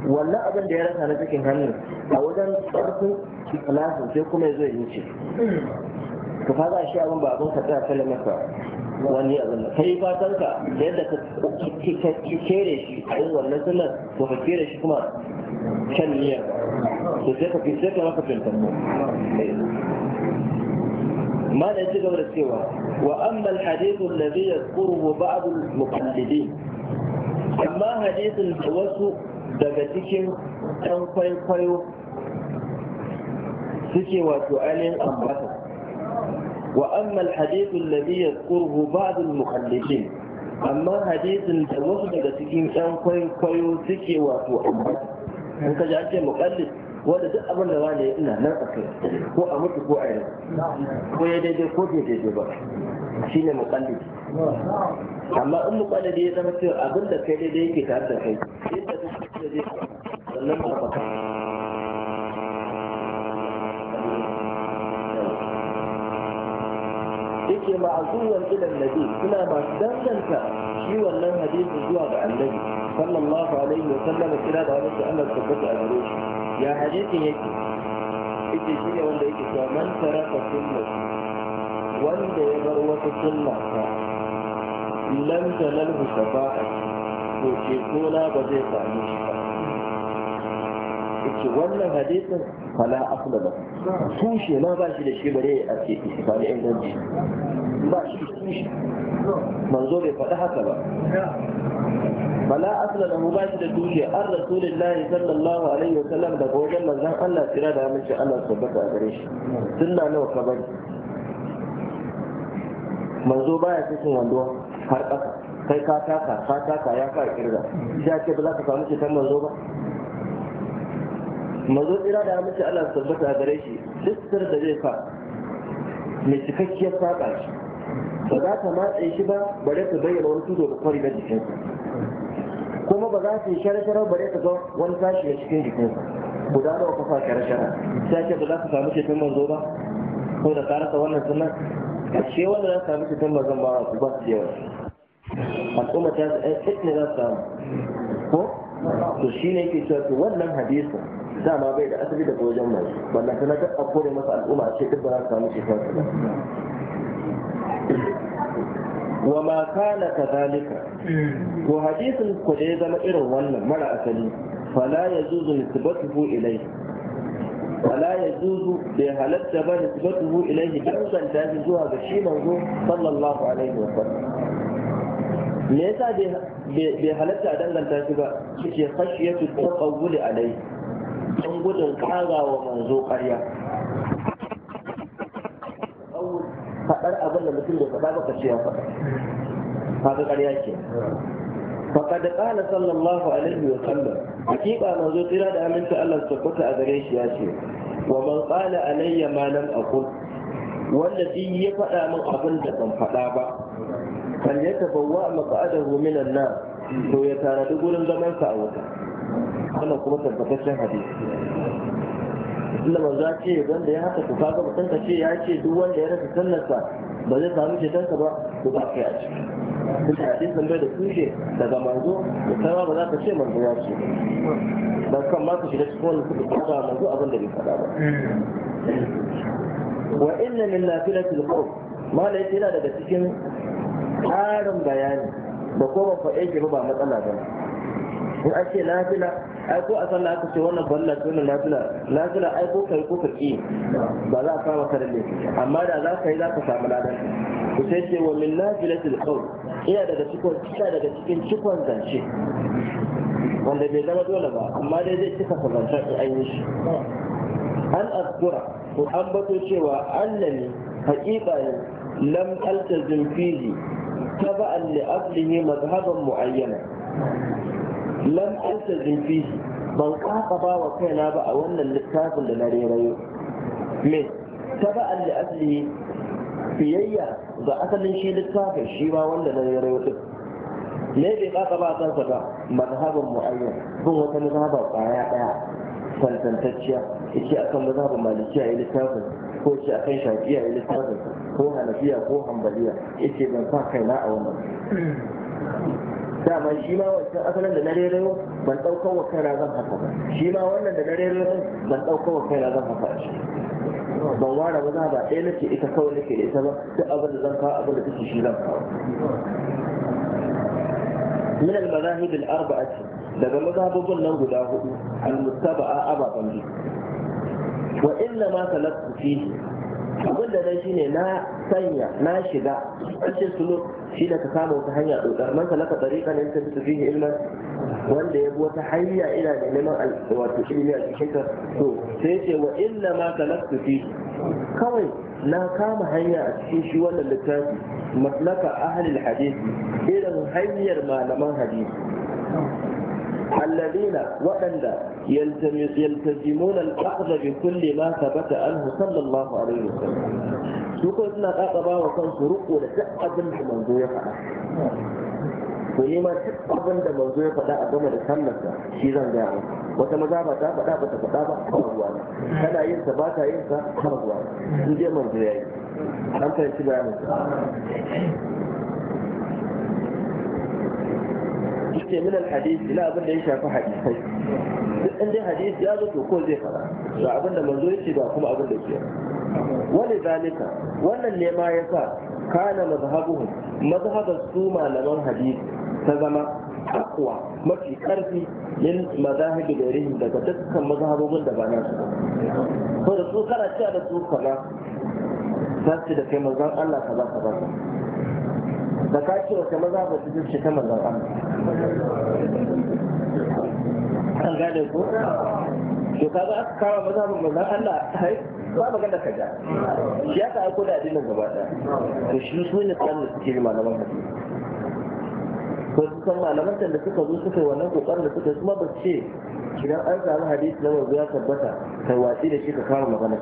Speaker 1: wannan abin da ya rasa na cikin hannu a wajen ƙarfin ikhlasin sai kuma ya zo ya wuce to ka za shi abin ba abin ka tsaya kalamar ba wani abin da kai fatan ka yadda ka kere shi a yin wannan sunan to ka kere shi kuma kan niyyar to sai ka sai ka maka tuntuɓe ما لا يجب ولا سوى وأما الحديث الذي يذكره بعض المقلدين أما kwaikwayo suke wato ainihin ambata وأما الحديث الذي يذكره بعض المخلفين أما حديث الوصف لتكين كان كوي كوي سكي واتو أمبت أنت جعلت مقلد wanda duk abin da wani ina nan a kai ko a mutu ko a yau ko ya daidai ko bai daidai ba shi ne amma in mukallidi ya zama cewa abin da kai daidai yake tare da kai yadda ka ba ce ma'azuwan ilan nabi suna masu danganta shi wannan hadisi zuwa ga annabi sallallahu alaihi wa sallam kira da wani Allah tabbata a gare shi ya hadisin yake Ita shi ne wanda yake cewa man taraka sunna wanda ya bar wata sunna ta lam tanalhu shafa'a to ce ko na ba zai samu shi ba ce wannan hadisin fala asla ba tushe ma ba shi da shi bare a ce sami inganci ba shi tushe manzo bai faɗi haka ba fala asla da ba shi da tushe an rasulillahi sallallahu alaihi wa sallam daga wajen manzan Allah tsira da shi Allah tabbata a gare shi sunna nawa ka bari manzo baya cikin wando har ƙasa kai ka taka ka taka ya fara kirga sai ce ba za ka samu cikin manzo ba mazo tsira da mace Allah su tabbata gare shi duk sir da zai fa mai cikakkiyar faɗa shi ba za ta matse shi ba bare ta bayyana wani tudo da kwari na jikinsa kuma ba za su yi shara-shara bare ta ga wani sashi na cikin jikinsa guda nawa ka sa shara-shara sai ce ba za ka samu cikin manzo ba ko da ka rasa wannan sunan a ce wanda za ka samu cikin manzon ba su ba su yawa al'umma ta ce eh, ne za su samu ko to shi ne ke cewa wannan hadisin dama bai da asali daga wajen mai wannan ta duk a kore masa al'umma ce duk ba za su samu cikin su ba wa ma kana kadhalika to hadisin ku da ya zama irin wannan mara asali fala zuzu nisbatuhu ilai fala zuzu bai halatta ba nisbatuhu ilayhi danganta shi zuwa ga shi manzo sallallahu alaihi wa sallam me yasa bai halatta a danganta shi ba shi ke khashiyatu taqawwuli alai don gudun ƙaga wa manzo ƙarya faɗar abin da mutum da faɗa baka ce ya faɗa kaga ƙarya ke faqad qala sallallahu alaihi wa sallam hakika manzo tsira da aminta Allah tabbata a gare shi ya ce wa man qala alayya ma lam aqul wanda duk ya faɗa min abin da ban faɗa ba kan ya tabawwa maqadahu minan nan to ya tanadi gurin zaman sa a wuta wannan kuma tabbataccen hadisi Allah za ce wanda ya haka kuka ga mutum ka ce ya ce duk wanda ya rasa sallarsa ba zai samu tanka ba to ba kai a ciki duk hadisin bai da tushe daga manzo da sama ba za ka ce manzo ya ce ba kan ma ku shiga cikin wannan kuka ga manzo abin da bai faɗa ba wa inna min nafilatil qawm ma da yake yana daga cikin ƙarin bayani da kuma faɗe ke ba matsala ba in an ce lafila ai ko a sallah aka ce wannan ballar sunan lafila lafila ai ko kai ko ka ki ba za a kama ka da amma da za ka yi za ka samu ladan ku sai ce wa min nafilatil qawl ina daga cikin ina daga cikin cikon zance wanda bai zama dole ba amma dai zai cika ka zancen in yi shi an azkura ko an bato cewa annani haƙiƙa ne lam altazim fihi taba'an li aqlihi madhhaban mu'ayyana lam altazim fi ban kaka ba wa kaina ba a wannan littafin da na rerayo me taba'an li asli biyayya ga asalin shi littafin shi ba wanda na rerayo din ne bai kaka ba kansa ba mazhabin mu'ayyan bin wata mazhaba kwaya daya tantantacciya yace akan mazhabin maliki ya littafin ko ce akan shafi ya littafin ko hanafiya ko hambaliya yake ban sa kaina a wannan dama shi ma wancan asalin da na rerayo ban ɗaukar wa kaina zan haka ba shi ma wannan da na rerayo ban ɗaukar wa kaina zan haka shi ban ware ba za ba ɗaya nake ita kawai nake da ita ba duk abin da zan kawo abin da take shi zan kawo من المذاهب الأربعة daga mazhabobin nan guda hudu al-muttaba'a ababan bi wa inna ma talaffu fihi abin da dai shine na sanya na shiga kace su shi da ka kama wata hanya dokar man salaka tariqa ne ta tafi ilman wanda ya bi wata hanya ina da neman wato ilmi a cikin ka to sai ce wa illa ma kalaktu fi kawai na kama hanya a cikin shi wannan littafi maslaka ahlul hadisi irin hanyar malaman hadisi alladina waɗanda yaltazimuna al-aqd bi kulli ma thabata anhu sallallahu alaihi wasallam su ko suna kakaba wa kansu riko da duk da manzo ya faɗa ko nema duk abin da manzo ya faɗa a game da sallarsa shi zan gaya maka wata maza ba ta faɗa ba faɗa ba ruwa ba ta yin sa ruwa ya yi an suke min alhadis na abin da ya shafi hadisai duk in dai hadisi ya zo to ko zai fara ba abin da manzo ya ba kuma abin da ke wani zalika wannan nema ya sa kana mazhabu mazhabar su malaman hadisi ta zama akwa mafi karfi min mazahibi da rihin daga dukkan mazhabobin da ba na su ko da su kana cewa da su za su da kai manzon Allah kaza kaza da ka ce wata maza ba su zuci ta mazan Allah an gane ko to za a kawo maza ba manzan Allah hai ba magan ka kaja shi aka aiko da addinin gaba daya to shi su ne kan da suke malaman hadisi ko su san malaman da suka zo suka yi wannan kokarin da suka yi kuma ba ce idan an samu hadisi na manzo ya tabbata kai watsi da shi ka kawo magana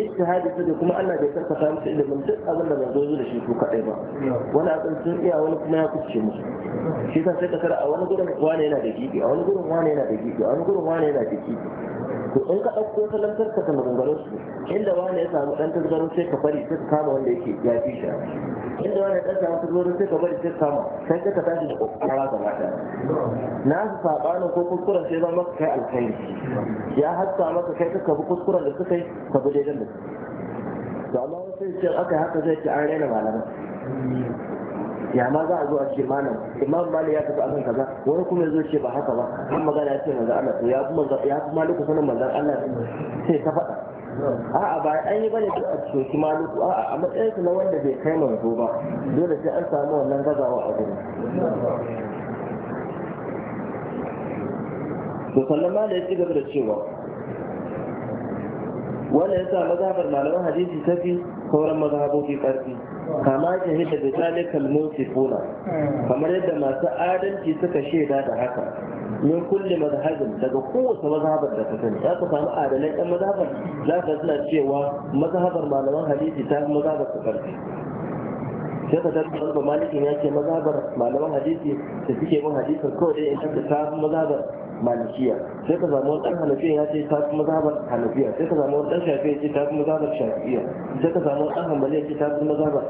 Speaker 1: ijtihadi su ne kuma Allah bai karkata musu ilimin duk abin da manzo zo da shi su kadai ba wani abin sun iya wani kuma ya kuce musu shi yasa sai ka tara a wani gurin wani yana da gidi a wani gurin wani yana da gidi a wani gurin wani yana da gidi to in ka ɗauko ta ka ta maganganun su inda wani ya samu ɗan tasgaro sai ka bari sai ka kama wanda yake ya fi shi inda wani ɗan samu tasgaro sai ka bari sai ka kama sai ka tashi da ƙwaƙwara gaba ɗaya na su saɓanin ko kuskuren sai maka kai alkhairi ya haska maka kai ka bi kuskuren da suka yi ka bi daidan da suka to amma wasu sai aka haka zai ce an raina malamai ya ma za a zo a ce malam imam mali ya tafi akan kaza wani kuma ya zo ce ba haka ba an magana ya ce manzon Allah to ya fi manzon ya maliku sanin manzan Allah sai ta faɗa a'a ba an yi bane a cikin maliku a'a a matsayinsa na wanda bai kai manzo ba dole sai an samu wannan gazawa a gurin musallama da ya ci gaba da cewa wannan ya sa mazhabar malaman hadisi ta fi sauran mazhabobi ƙarfi kama shahida da zalikal musifuna kamar yadda masu adalci suka shaida da haka min kulli mazhabin daga kowace mazhabar da ka sani za samu adalai ɗan mazhabar za ka suna cewa mazhabar malaman hadisi ta fi mazhabar su ƙarfi sai ka tabbata ba malikin ya ce mazhabar malaman hadisi da suke bin hadisin kawai dai in ta fi mazhabar malikiya sai ka zama wani hanafiya ya ce ta fi mazhabar hanafiya sai ka zama wani shafi ya ce ta fi mazhabar shafi'iya sai ka zama wani hanbali ya ce ta fi mazhabar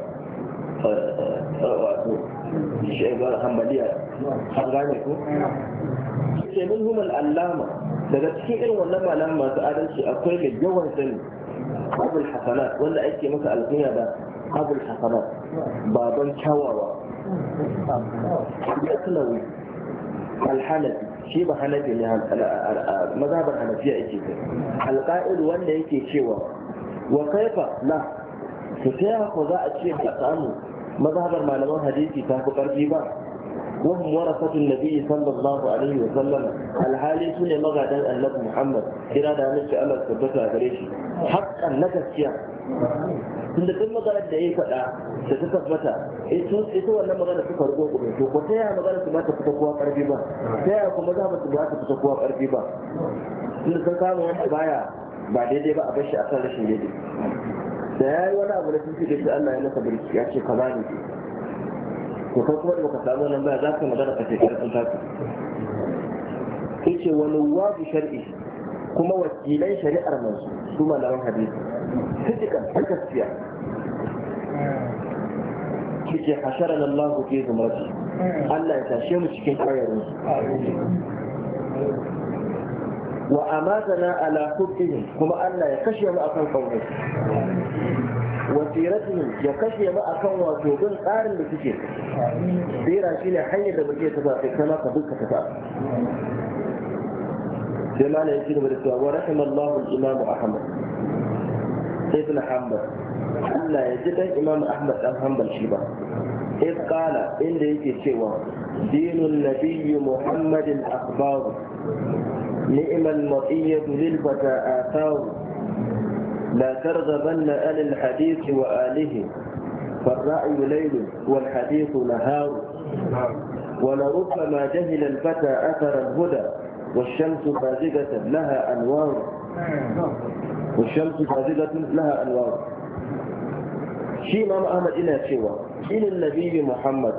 Speaker 1: wato daga cikin irin wannan malaman masu adalci akwai mai yawan sani abul hasanat wanda ake masa alkunya da abul hasanat baban kyawawa al-hanafi shi ba hanafi ne mazhabar hanafiya yake kai alƙa'ir wanda yake cewa wa kaifa na ku ko za a ce a samu mazhabar malaman hadisi ta fi ƙarfi ba wahum warasatun nabiyyi sallallahu alaihi wa sallam alhali sune magadan annabi muhammad kira da hannun ci allah tabbata gare shi haƙƙan na gaskiya tunda duk maganar da ya faɗa da ta tabbata ita wannan magana ta farko kuma to ko ta yaya magana su ba ta fita kuwa ƙarfi ba ta yaya kuma za mu ba ta fita kuwa ƙarfi ba tunda sun kama wanda baya ba daidai ba a bar shi a kan rashin daidai da ya yi wani abu na titi da shi Allah ya masa birki ya ce kama ne ko kai kuma da baka samu nan baya za ka magana ka ce ƙarfin taku ce wani wabu shar'i kuma wakilan shari'ar manzo su malaman hadisi sidikan ta gaskiya kike hasharan Allah ke zumrati Allah ya tashe mu cikin kayarin wa amatana ala hubbihim kuma Allah ya kashe mu akan kaunar wasiratihim ya kashe mu akan wato bin tsarin da suke tsira shine hanyar da muke tafa kai kama ka duka tafa sai ma من yake ورحم الله الإمام أحمد سيدنا حمد ahmad يجد hanbal أحمد ya ji dan إذ قال إن ديك سوى دين النبي محمد الأخبار نئم المطية للفتى آثار لا ترغبن أهل الحديث وآله فالرأي ليل والحديث نهار ولربما جهل الفتى أثر الهدى والشمس فازدة لها أنوار والشمس فازدة لها أنوار شيء ما أنا إلى شوى إلى النبي محمد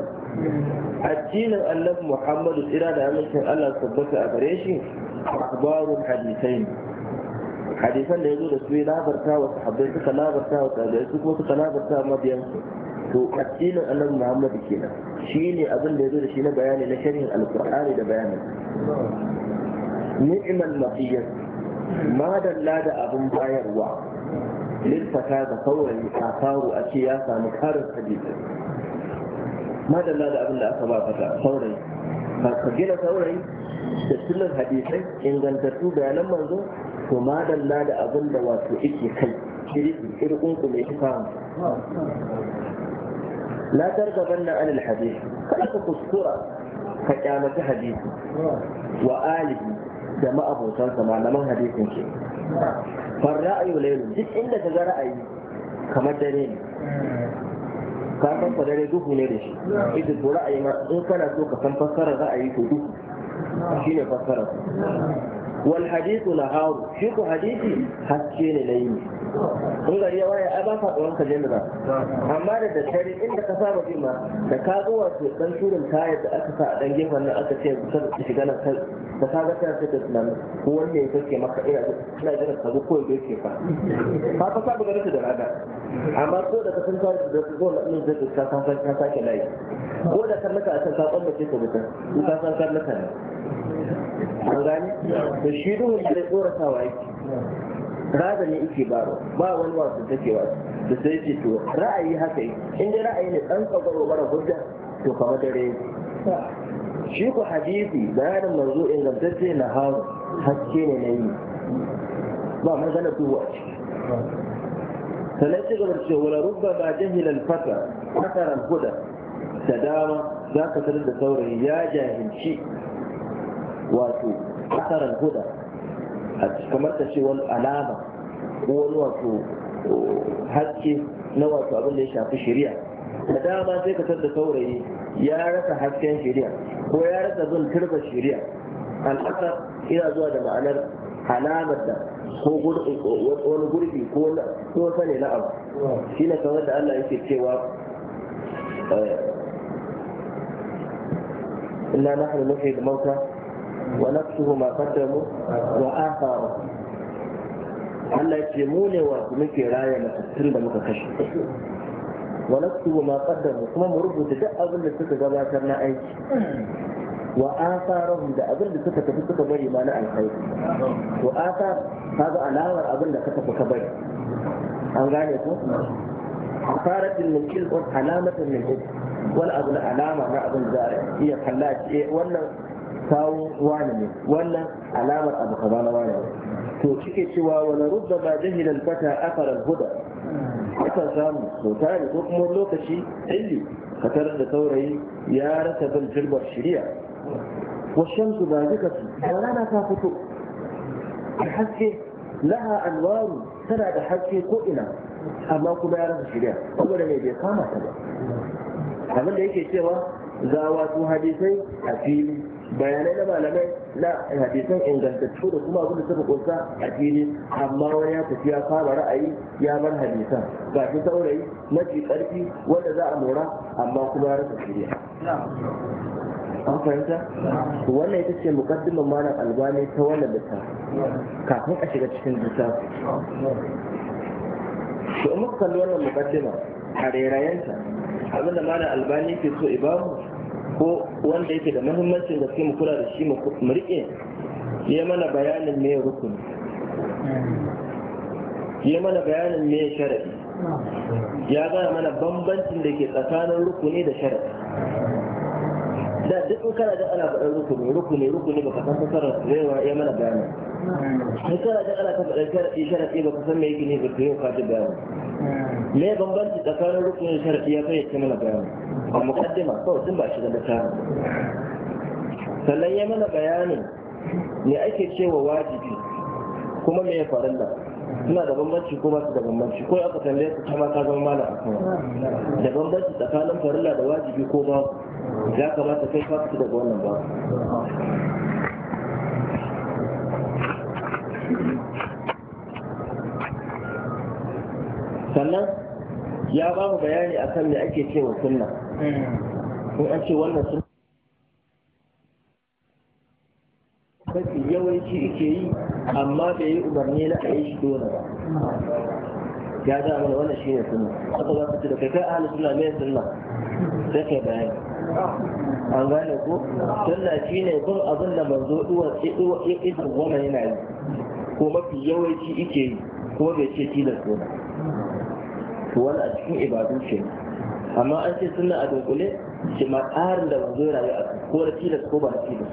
Speaker 1: أتينا النبي محمد إلى ذلك ألا صدق أبريشي أخبار الحديثين حديثا لا يقول سوي لا برتا وتحبيتك لا برتا وتعليتك وتك لا برتا ما بيمسك أتينا النبي محمد كينا شيني أظن لا يقول شيني بياني لشريه القرآن إلى بيانه نعم النصية ما دلّاد أبن باير وعا للفتاة فورا يحافار أشياسا مكار الحديث ما دلّاد أبن الله سبابة فورا فالسجل فورا تسل الحديث إن غن ترتو بيانا منذ وما دلّاد أبن دواسو إكي خي شريك إرقونكم إحفام لا ترغبن عن الحديث فلا تقصر فكامة حديث وآله da ma'abotansa malaman hadisin ke far ra'ayu lailu duk inda ka ga ra'ayi kamar dare ne ka san ko dare duhu ne da shi idan ko ra'ayi ma in kana so ka san fassara ra'ayi to duhu shine fassara wal hadithu naharu shi ko hadisi haske ne na in gari ya waye a ba ka tsoron ka je da amma da daddare inda ka saba bi ma da ka zo wato dan shirin tayar da aka sa a dan gefen nan aka ce ka shiga nan kai da ka ga ta ce da tunanin ko wanne ya kake maka ina ina da ka zo ko ya ke fa ka ka saba ganin da rada amma ko da ka san ka da zo na ɗin da ka san ka sake layi ko da ka naka a san ka kwambace ka mutum ka san ka naka ne an gane da shi duhun da ya wa yake raza ne yake baro ba wani wasu take ba, da sai ce to ra'ayi haka yi in dai ra'ayi ne dan tsagwaro mara hujja to kamar dare shi ku hadisi bayanin manzo ingantacce na haru haske ne na yi ba magana duhu a ciki sannan ci gaba ce wala rubba ba jahil alfata asaran huda da dama za ka sanar da saurayi ya jahilci wato asaran huda kamar ta ce wani alama wani wato eh, haske na wato abin da ya shafi shari'a da dama sai ka da saurayi ya rasa hasken shari'a ko ya rasa zan turba shari'a al'asa ina zuwa da ma'anar alamar da ko wani gurbi ko wani ne na abu shi ne kamar da Allah yake cewa eh, inna nahnu nuhyi al-mauta ونفسه ما قدموا وآثاره Allah ce mu ne wa muke raya tattun da muka kashe wa naktubu ma qaddamu kuma mu rubuta duk abin da suka gabatar na aiki wa asarahum da abin da suka tafi suka bari ma na alkhairi to asar kaga alawar abin da ka tafi ka bari an gane ko asaratin min ilm alamatan min ilm wal abu alama na abin da iya kalla ce eh, wannan kawo wani ne wannan alamar abu kaza na wani to kike cewa wani rubda ma jahil alfata akara huda aka samu to ko kuma lokaci ilmi katar da saurayi ya rasa bin jirgar shari'a wasan su ba duka su da rana ta fito a haske laha alwaru tana da haske ko'ina. amma kuma ya rasa shari'a kuma da mai bai kama ta ba abin da yake cewa ga wasu sai a fili bayanai na malamai na hadisan ingantattu da kuma abin da suka kunsa a fili amma wani ya tafi ya fara ra'ayi ya bar hadisan ga shi saurayi mafi karfi wanda za a mora amma kuma ya rasa shirya an fahimta wannan ita ce mukaddimin malam albani ta wannan littafi kafin a shiga cikin littafi to muka kalli wannan mukaddima a rairayenta abinda malam albani ke so ibamu ko wanda yake da muhimmancin gaske mu kula da shi mu riƙe ya mana bayanin me rukuni ya mana bayanin me sharadi ya gaya mana bambancin da ke tsakanin rukuni da sharadi da duk in kana da ana faɗar rukuni rukuni rukuni baka san fasarar zaiwa ya mana bayani in kana da ana ta sharaɗi sharadi sharadi baka san me yake ne ba ka yi ka ji bayanin me bambanci tsakanin rukuni da sharadi ya kai ya mana bayani. a mukaddima kawai tun ba shi da littafin sannan ya mana bayanin me ake cewa wajibi kuma me ya farilla suna da bambanci ko ba su da bambanci ko aka tambaye su kama ta zama malam da bambanci tsakanin farilla da wajibi ko ba ya kamata kai ka fita daga wannan ba sannan ya ba mu bayani akan me ake cewa sunna in ake wannan sun mafi yawanci ike yi amma bai yi umarni na a yi shi dole ba ya ga mana wannan shi ne sunna aka za su ce da kai kai ahlus sunna mai sunna sai kai bayani an gane ko shi ne bin abin da manzo duwa ce duwa ya idan goma yana yi ko mafi yawanci ike yi ko bai ce tilas ba to wani a cikin ibadun ce amma an ce suna a dunkule shi ma tsarin da zo rayu a ko da tilas ko ba da tilas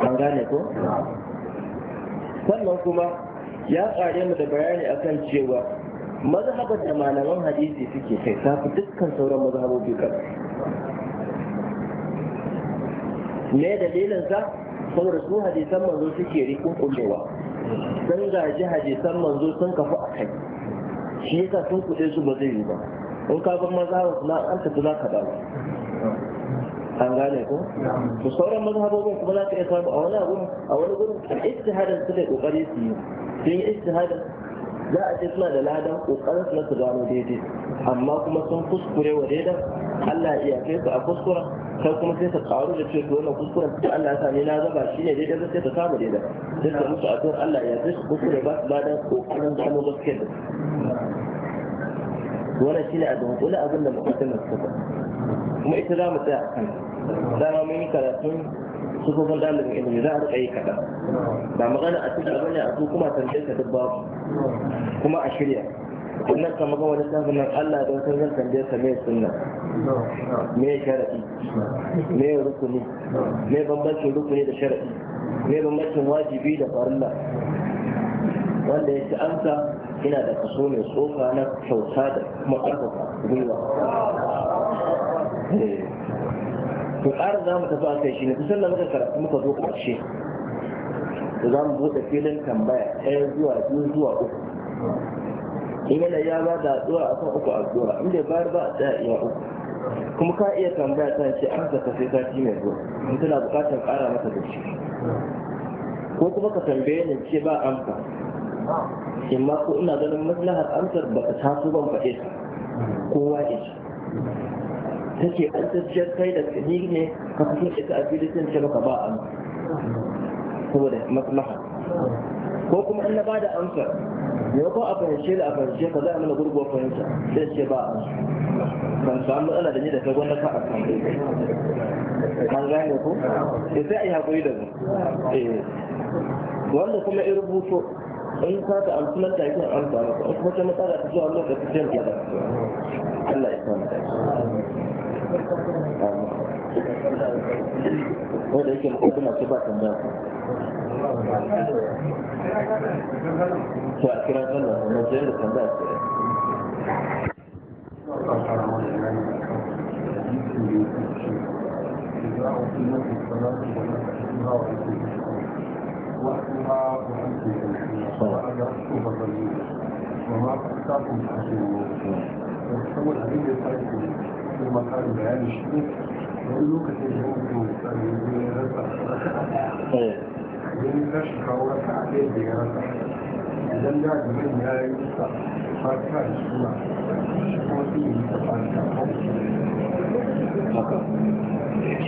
Speaker 1: an gane ko sannan kuma ya kare mu da bayani akan cewa mazhabar da malaman hadisi suke kai ta fi dukkan sauran mazhabobi kan me dalilin sa saboda su hadisan manzo suke rikun kullewa sun gaji hadisan manzo sun kafu a kai shi yasa sun kuɗe su ba zai yi ba in ka maza mazhabin kuma an tafi za ka dawo an gane ko to sauran mazhabobin kuma za ka iya samu a wani gurin a wani gurin ijtihadin su da kokari su yi sun yi ijtihadin za a ce suna da ladan kokarin su na su gano daidai amma kuma sun kuskure wa daidan Allah ya kai su a kuskura kai kuma sai ka karu da cewa wannan kuskuren da Allah ya sa ne na zaba shi ne daidai sai ka samu daidai sai ka musu a Allah ya kai su kuskure ba su ladan kokarin gano gaskiyar wannan shine a dunkule abin da mukaddimar suka kuma ita za mu tsaya a kan dama mun yi karatun sufofin dalibin ilimi za a rika yi kaɗan ba magana a cikin abin a su kuma tambaye ka duk babu kuma a shirya wannan kama ga wani tafin nan Allah don san zan tambaye ka mai sunna me sharadi me rukuni me bambancin rukuni da sharadi me bambancin wajibi da farilla wanda ya ci amsa ina da kaso mai tsoka na kyauta da kuma ƙarfafa gwiwa eh. to ƙara za mu tafi a kai shi ne kusan da muka karatu muka zo ƙarshe to za mu buɗe filin tambaya ɗaya zuwa biyu zuwa uku in yana ya ba da addu'a akan uku addu'a in bai bayar ba a tsaya iya uku kuma ka iya tambaya ta ce an zaka sai sati mai zuwa in tana buƙatar ƙara masa da shi ko kuma ka tambaye ni ce ba amsa amma ko ina ganin maslahar amsar ba ta taso ban faɗe ta kowa ya ce ta ce an tafiyar kai da ni ne ka fito ita a fili sun ce maka ba amsa saboda maslaha ko kuma in na bada da amsar yau ko a fahimce da a fahimce ka za a mana gurguwa fahimta sai ce ba amsa ban samu matsala da ni da kai gwamnati a kan an gane ko sai a yi haƙuri da mu eh. wanda kuma ya rubuto in ka ta amsu nan an amsa maka in kuma ta matsala ta zuwa lokacin jin da Allah ya sa wanda yake ce ba to a kira sallah na jin da tambaya
Speaker 2: Thank you. وأكلها وأنتم وأنا
Speaker 1: درستم الضليل وما أخطاكم الحكيم وتسوى الأدلة بتاعتكم في المقال البيان الشديد وأنه كتير ممكن أن يرفع domin rashin kawo rasa a ɗaya da ya rasa idan da gaban ya yi nisa fata da suna kuma su yi ta fata haka.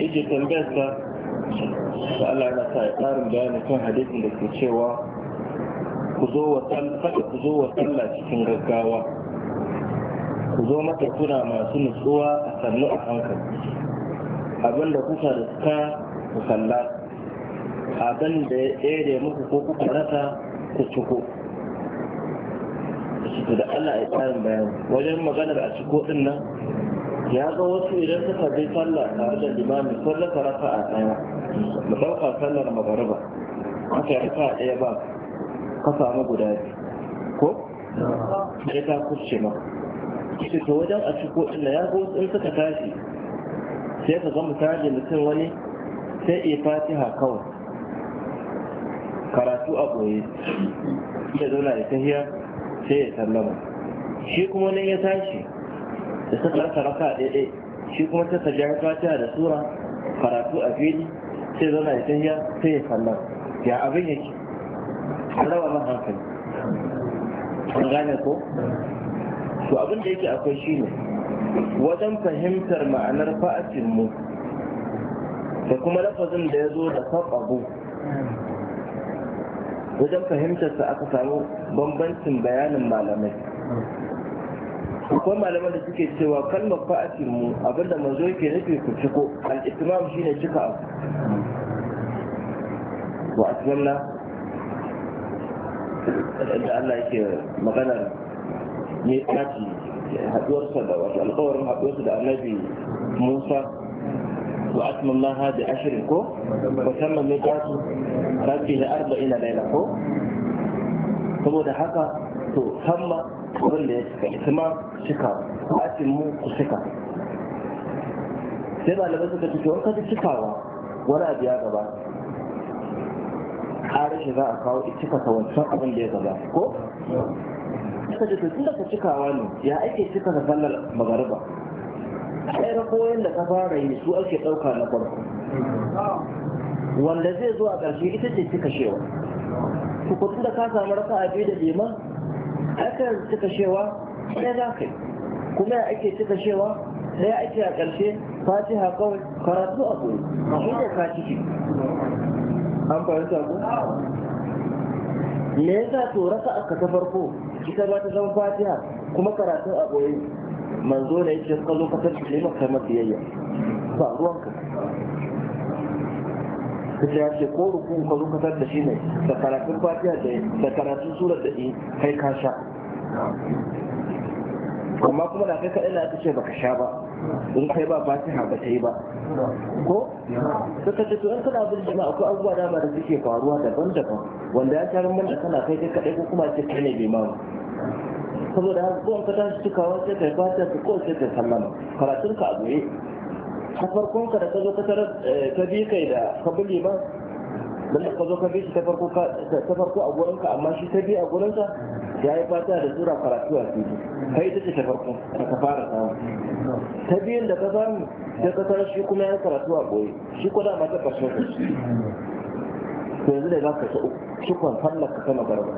Speaker 1: Ike tambayar da Allah yana sa ya tsarin bayanin kan hadisin da ke cewa ku zo wa ku zo wa sallah cikin gaggawa ku zo mata kuna masu nutsuwa a sannu a hankali abinda kuka suka ku kalla abin da ya tsere muku ko kuka rasa ku ciko su da Allah ya tsarin bayani wajen maganar a ciko din nan ya ga wasu idan suka bi sallah tare da limami sun rasa rasa a ɗaya mu ɗauka sallar magariba aka yi ka ɗaya ba ka samu guda ko sai ta kusce ma shi to wajen a ciko inda ya ga in suka tashi sai ka ga misali mutum wani sai iya fatiha kawai karatu a ɓoye da zauna da tahiya sai ya sallama shi kuma nan ya tashi da suka raka raka ɗaiɗai shi kuma ta kaji fatiha da sura karatu a fili sai zana ya tahiya sai ya kalla ya abin yake an raba man hankali an gane ko to abin da yake akwai shi ne wajen fahimtar ma'anar fa'atin mu da kuma lafazin da ya zo da sababu wajen fahimtarsa aka samu bambancin bayanin malamai akwai malaman da suke cewa kalmar fa'atin mu abinda manzo yake nufi ku ciko al-itmam shine cika abu wa atmamna da Allah yake maganar ne kaci haduwarsa da wasu alƙawarin haduwarsa da annabi Musa wa atmamna ha da ashirin ko musamman ne kaci rabbi da arba'ina laila ko saboda haka to hamma abin da ya cika ita ma cika atin mu ku cika sai malamai suka ce wani kaji cikawa wani abu ya gaba ƙarar shi za a kawo cika ka wancan abin da ya gaba ko suka ce tun da ka cikawa ne ya ake cika ka sallar magariba ai koyon da ka fara yi su ake ɗauka na farko wanda zai zo a ƙarshe ita ce cika shewa ku kudu da ka samu raka a biyu da liman aka cika shewa sai za ka yi kuma ya ake cika sai ɗaya ake a ƙarshe fatiha kawai karatu a koyi shi da ka ciki an ta ku me yasa to raka aka ta farko ita ba ta zama fatiha kuma karatu a koyi manzo ne yake ka zo ka tafi ne maka biyayya ba ruwanka kace ya ce ko rukun ka rukutar da shi ne da karatun fatiha da da karatun surar da yi kai ka sha amma kuma da kai kaɗai na ake ce baka sha ba in kai ba fatiha ba ta yi ba ko suka ce to in kana bin jama'a akwai abubuwa dama da suke faruwa daban-daban wanda ya tarin da kana kai kai kaɗai ko kuma ce kai ne ma saboda haka ko an ka tashi cikawa sai kai fatiha ko sai kai sallama karatun ka a goye ta farkon ka da ka zo ka tarar eh, ka bi kai da ka bi ba dan ka zo ka bi shi ta farko ta farko a gurin ka amma shi ta bi a gurin ka ya yi fata da sura karatu a fili kai ta ce ta farko da ka fara samu ta biyun da ka samu da ka tarar shi kuma ya yi karatu a boye shi ko da ma ta karshen ka to yanzu da za ka ta uku shi kwan ka ta garba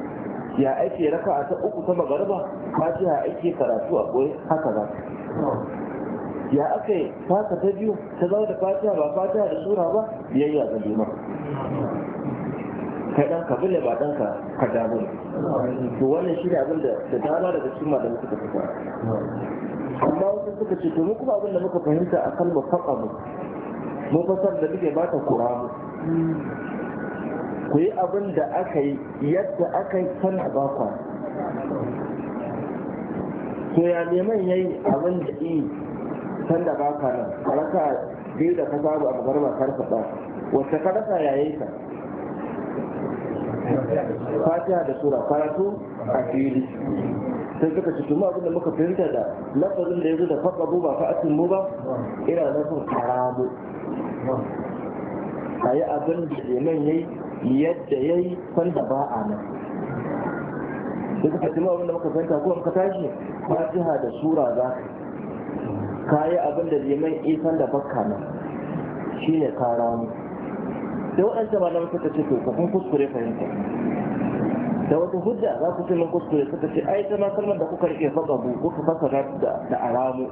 Speaker 1: ya ake raka a ta uku ta garba ka ce ya ake karatu a boye haka za ka ya aka yi fata ta biyu ta zama da fatiha ba fatiha da sura ba biyayya ga liman ka dan kabil ba dan ka ka damu to wannan shi ne abin da da dama daga cikin malamin suka fita amma wasu suka ce to mu kuma abin da muka fahimta a kalmar faqa mu mu fasar da muke ba ta kura mu ku yi abin da aka yi yadda aka yi sana ba kwa ko ya neman yayi abin da yi sanda ba ka nan karaka biyu da ka samu a magarba kar karfa ba wacce ka rasa yayin ka fatiha da sura karatu a fili sai suka ci tumu abinda muka fahimta da lafazin da ya zo da faɗaɓu ba fa'atin mu ba ina nufin karamu a yi abin da nan ya yi yadda ya yi sanda ba a nan sai suka tumu abinda muka fahimta ko muka tashi fatiha da sura za ka ka yi abin da liman isan da bakka nan shi ne ka rami da waɗanda ba na suka ce to kun kuskure fahimta da wata hujja za ku ce mun kuskure suka ce ai ta kalmar da kuka rike fagabu kuka fasa da aramu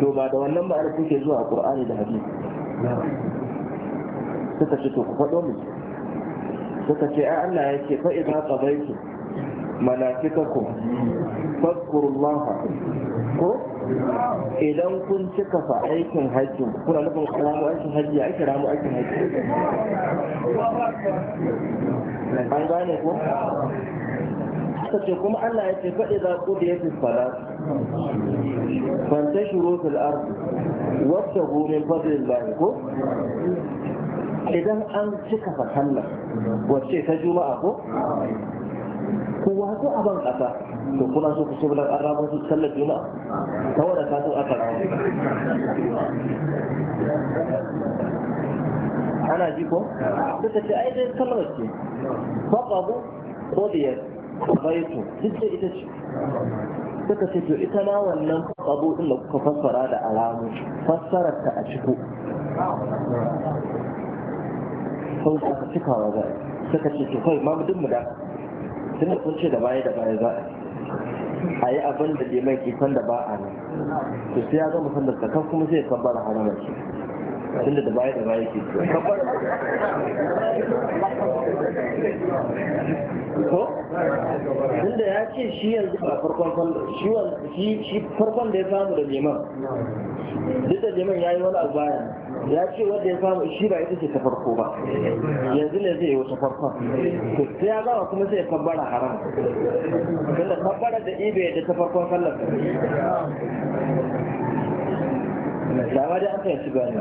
Speaker 1: to ba da wannan ba ke zuwa a qur'ani da hadisi suka ce to ku faɗo mu suka ce ai Allah ya ce fa idza qadaytum malaikatakum fadhkurullaha ko idan kun cika fa aikin hajji kuna nufin ramu aikin hajji ya ake ramu aikin hajji an gane ko aka ce kuma Allah ya ce faɗi za ku da ya fi fara fanta shiro fil ardi wata gomin fadlin lahi ko idan an cika fa sallah wacce ta juma'a ko ku wato a ban ƙasa to kuna so ku ce bala su sallar juna ta wadda ka so aka rawa. ana ji ko suka ce ai dai kalmar ce faɓaɓu ko biyar baitu duk da ita ce suka ce to ita na wannan faqabu din da kuka fassara da alamu fassarar ta a ciko sau da aka cikawa za suka ce to kai ma mu duk mu da tun da kun ce da baya da baya za a a yi abin da ke mai kisan da ba a
Speaker 2: nan
Speaker 1: to sai ya zama sandar da kan kuma sai ya kabbara haramar shi tunda da baya da baya ke ko tunda ya ce shi yanzu a farkon shi farkon da ya samu da neman duk da neman ya yi wani albaya ya ce wanda ya samu shi ba ita ce ta farko ba yanzu ne zai yi wata farkon to sai ya gama kuma sai ya kabbara haram tunda kabbara da ibe da ta farkon sallar dama dai aka yanci gani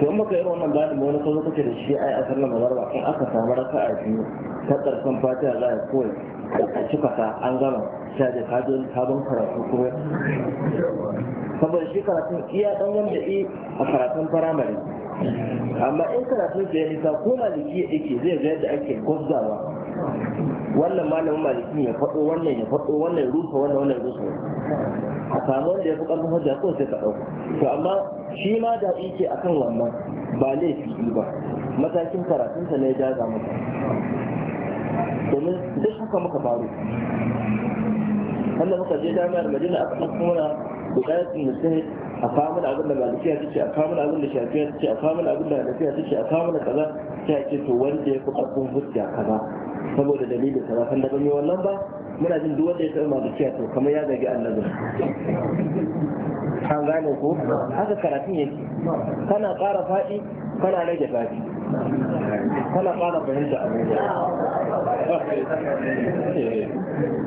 Speaker 1: to muka kai wannan bayanin wani kuma kuke da shi ai a sallar magarba kan aka samu raka'a biyu ta ƙarshen fatiha za a koyi a ka an gama sai da ka don sabon karatu kuma saboda shi karatun iya dan wanda i a karatun firamare amma in karatun da ya nisa ko maliki yake zai ga yadda ake gwazzawa wannan malamin malikin ya faɗo wannan ya faɗo wannan ya rufe wannan wannan rufe a samu wanda ya fi ƙarfin hujja ko sai ka ɗauka to amma shi ma da yake akan wannan ba laifi ba matakin karatunsa ne ya jaza masa domin duk haka muka faru Allah muka je jami'ar Madina aka ɗauko mana buƙatun musulmi a kawo abin da malikiya ta ce a kawo mana abin da shafiya ta ce a kawo mana abin da hanafiya ta ce a kawo mana kaza ta ce to wanda ya fi ƙarfin hujja kaza saboda dalilin kaza kan da ban yi wannan ba muna jin duk wanda ya taɓa malikiya to kamar ya zagi annabi an gane ko haka karatun yake kana ƙara faɗi kana rage faɗi kana ƙara fahimta abubuwa eh,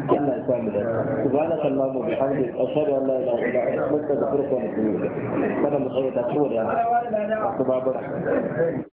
Speaker 1: Allah ya samu da subhanaka allahumma bihamdika ashhadu an la ilaha illa anta astaghfiruka wa atubu ilayk kana mu ta kowa da asbabara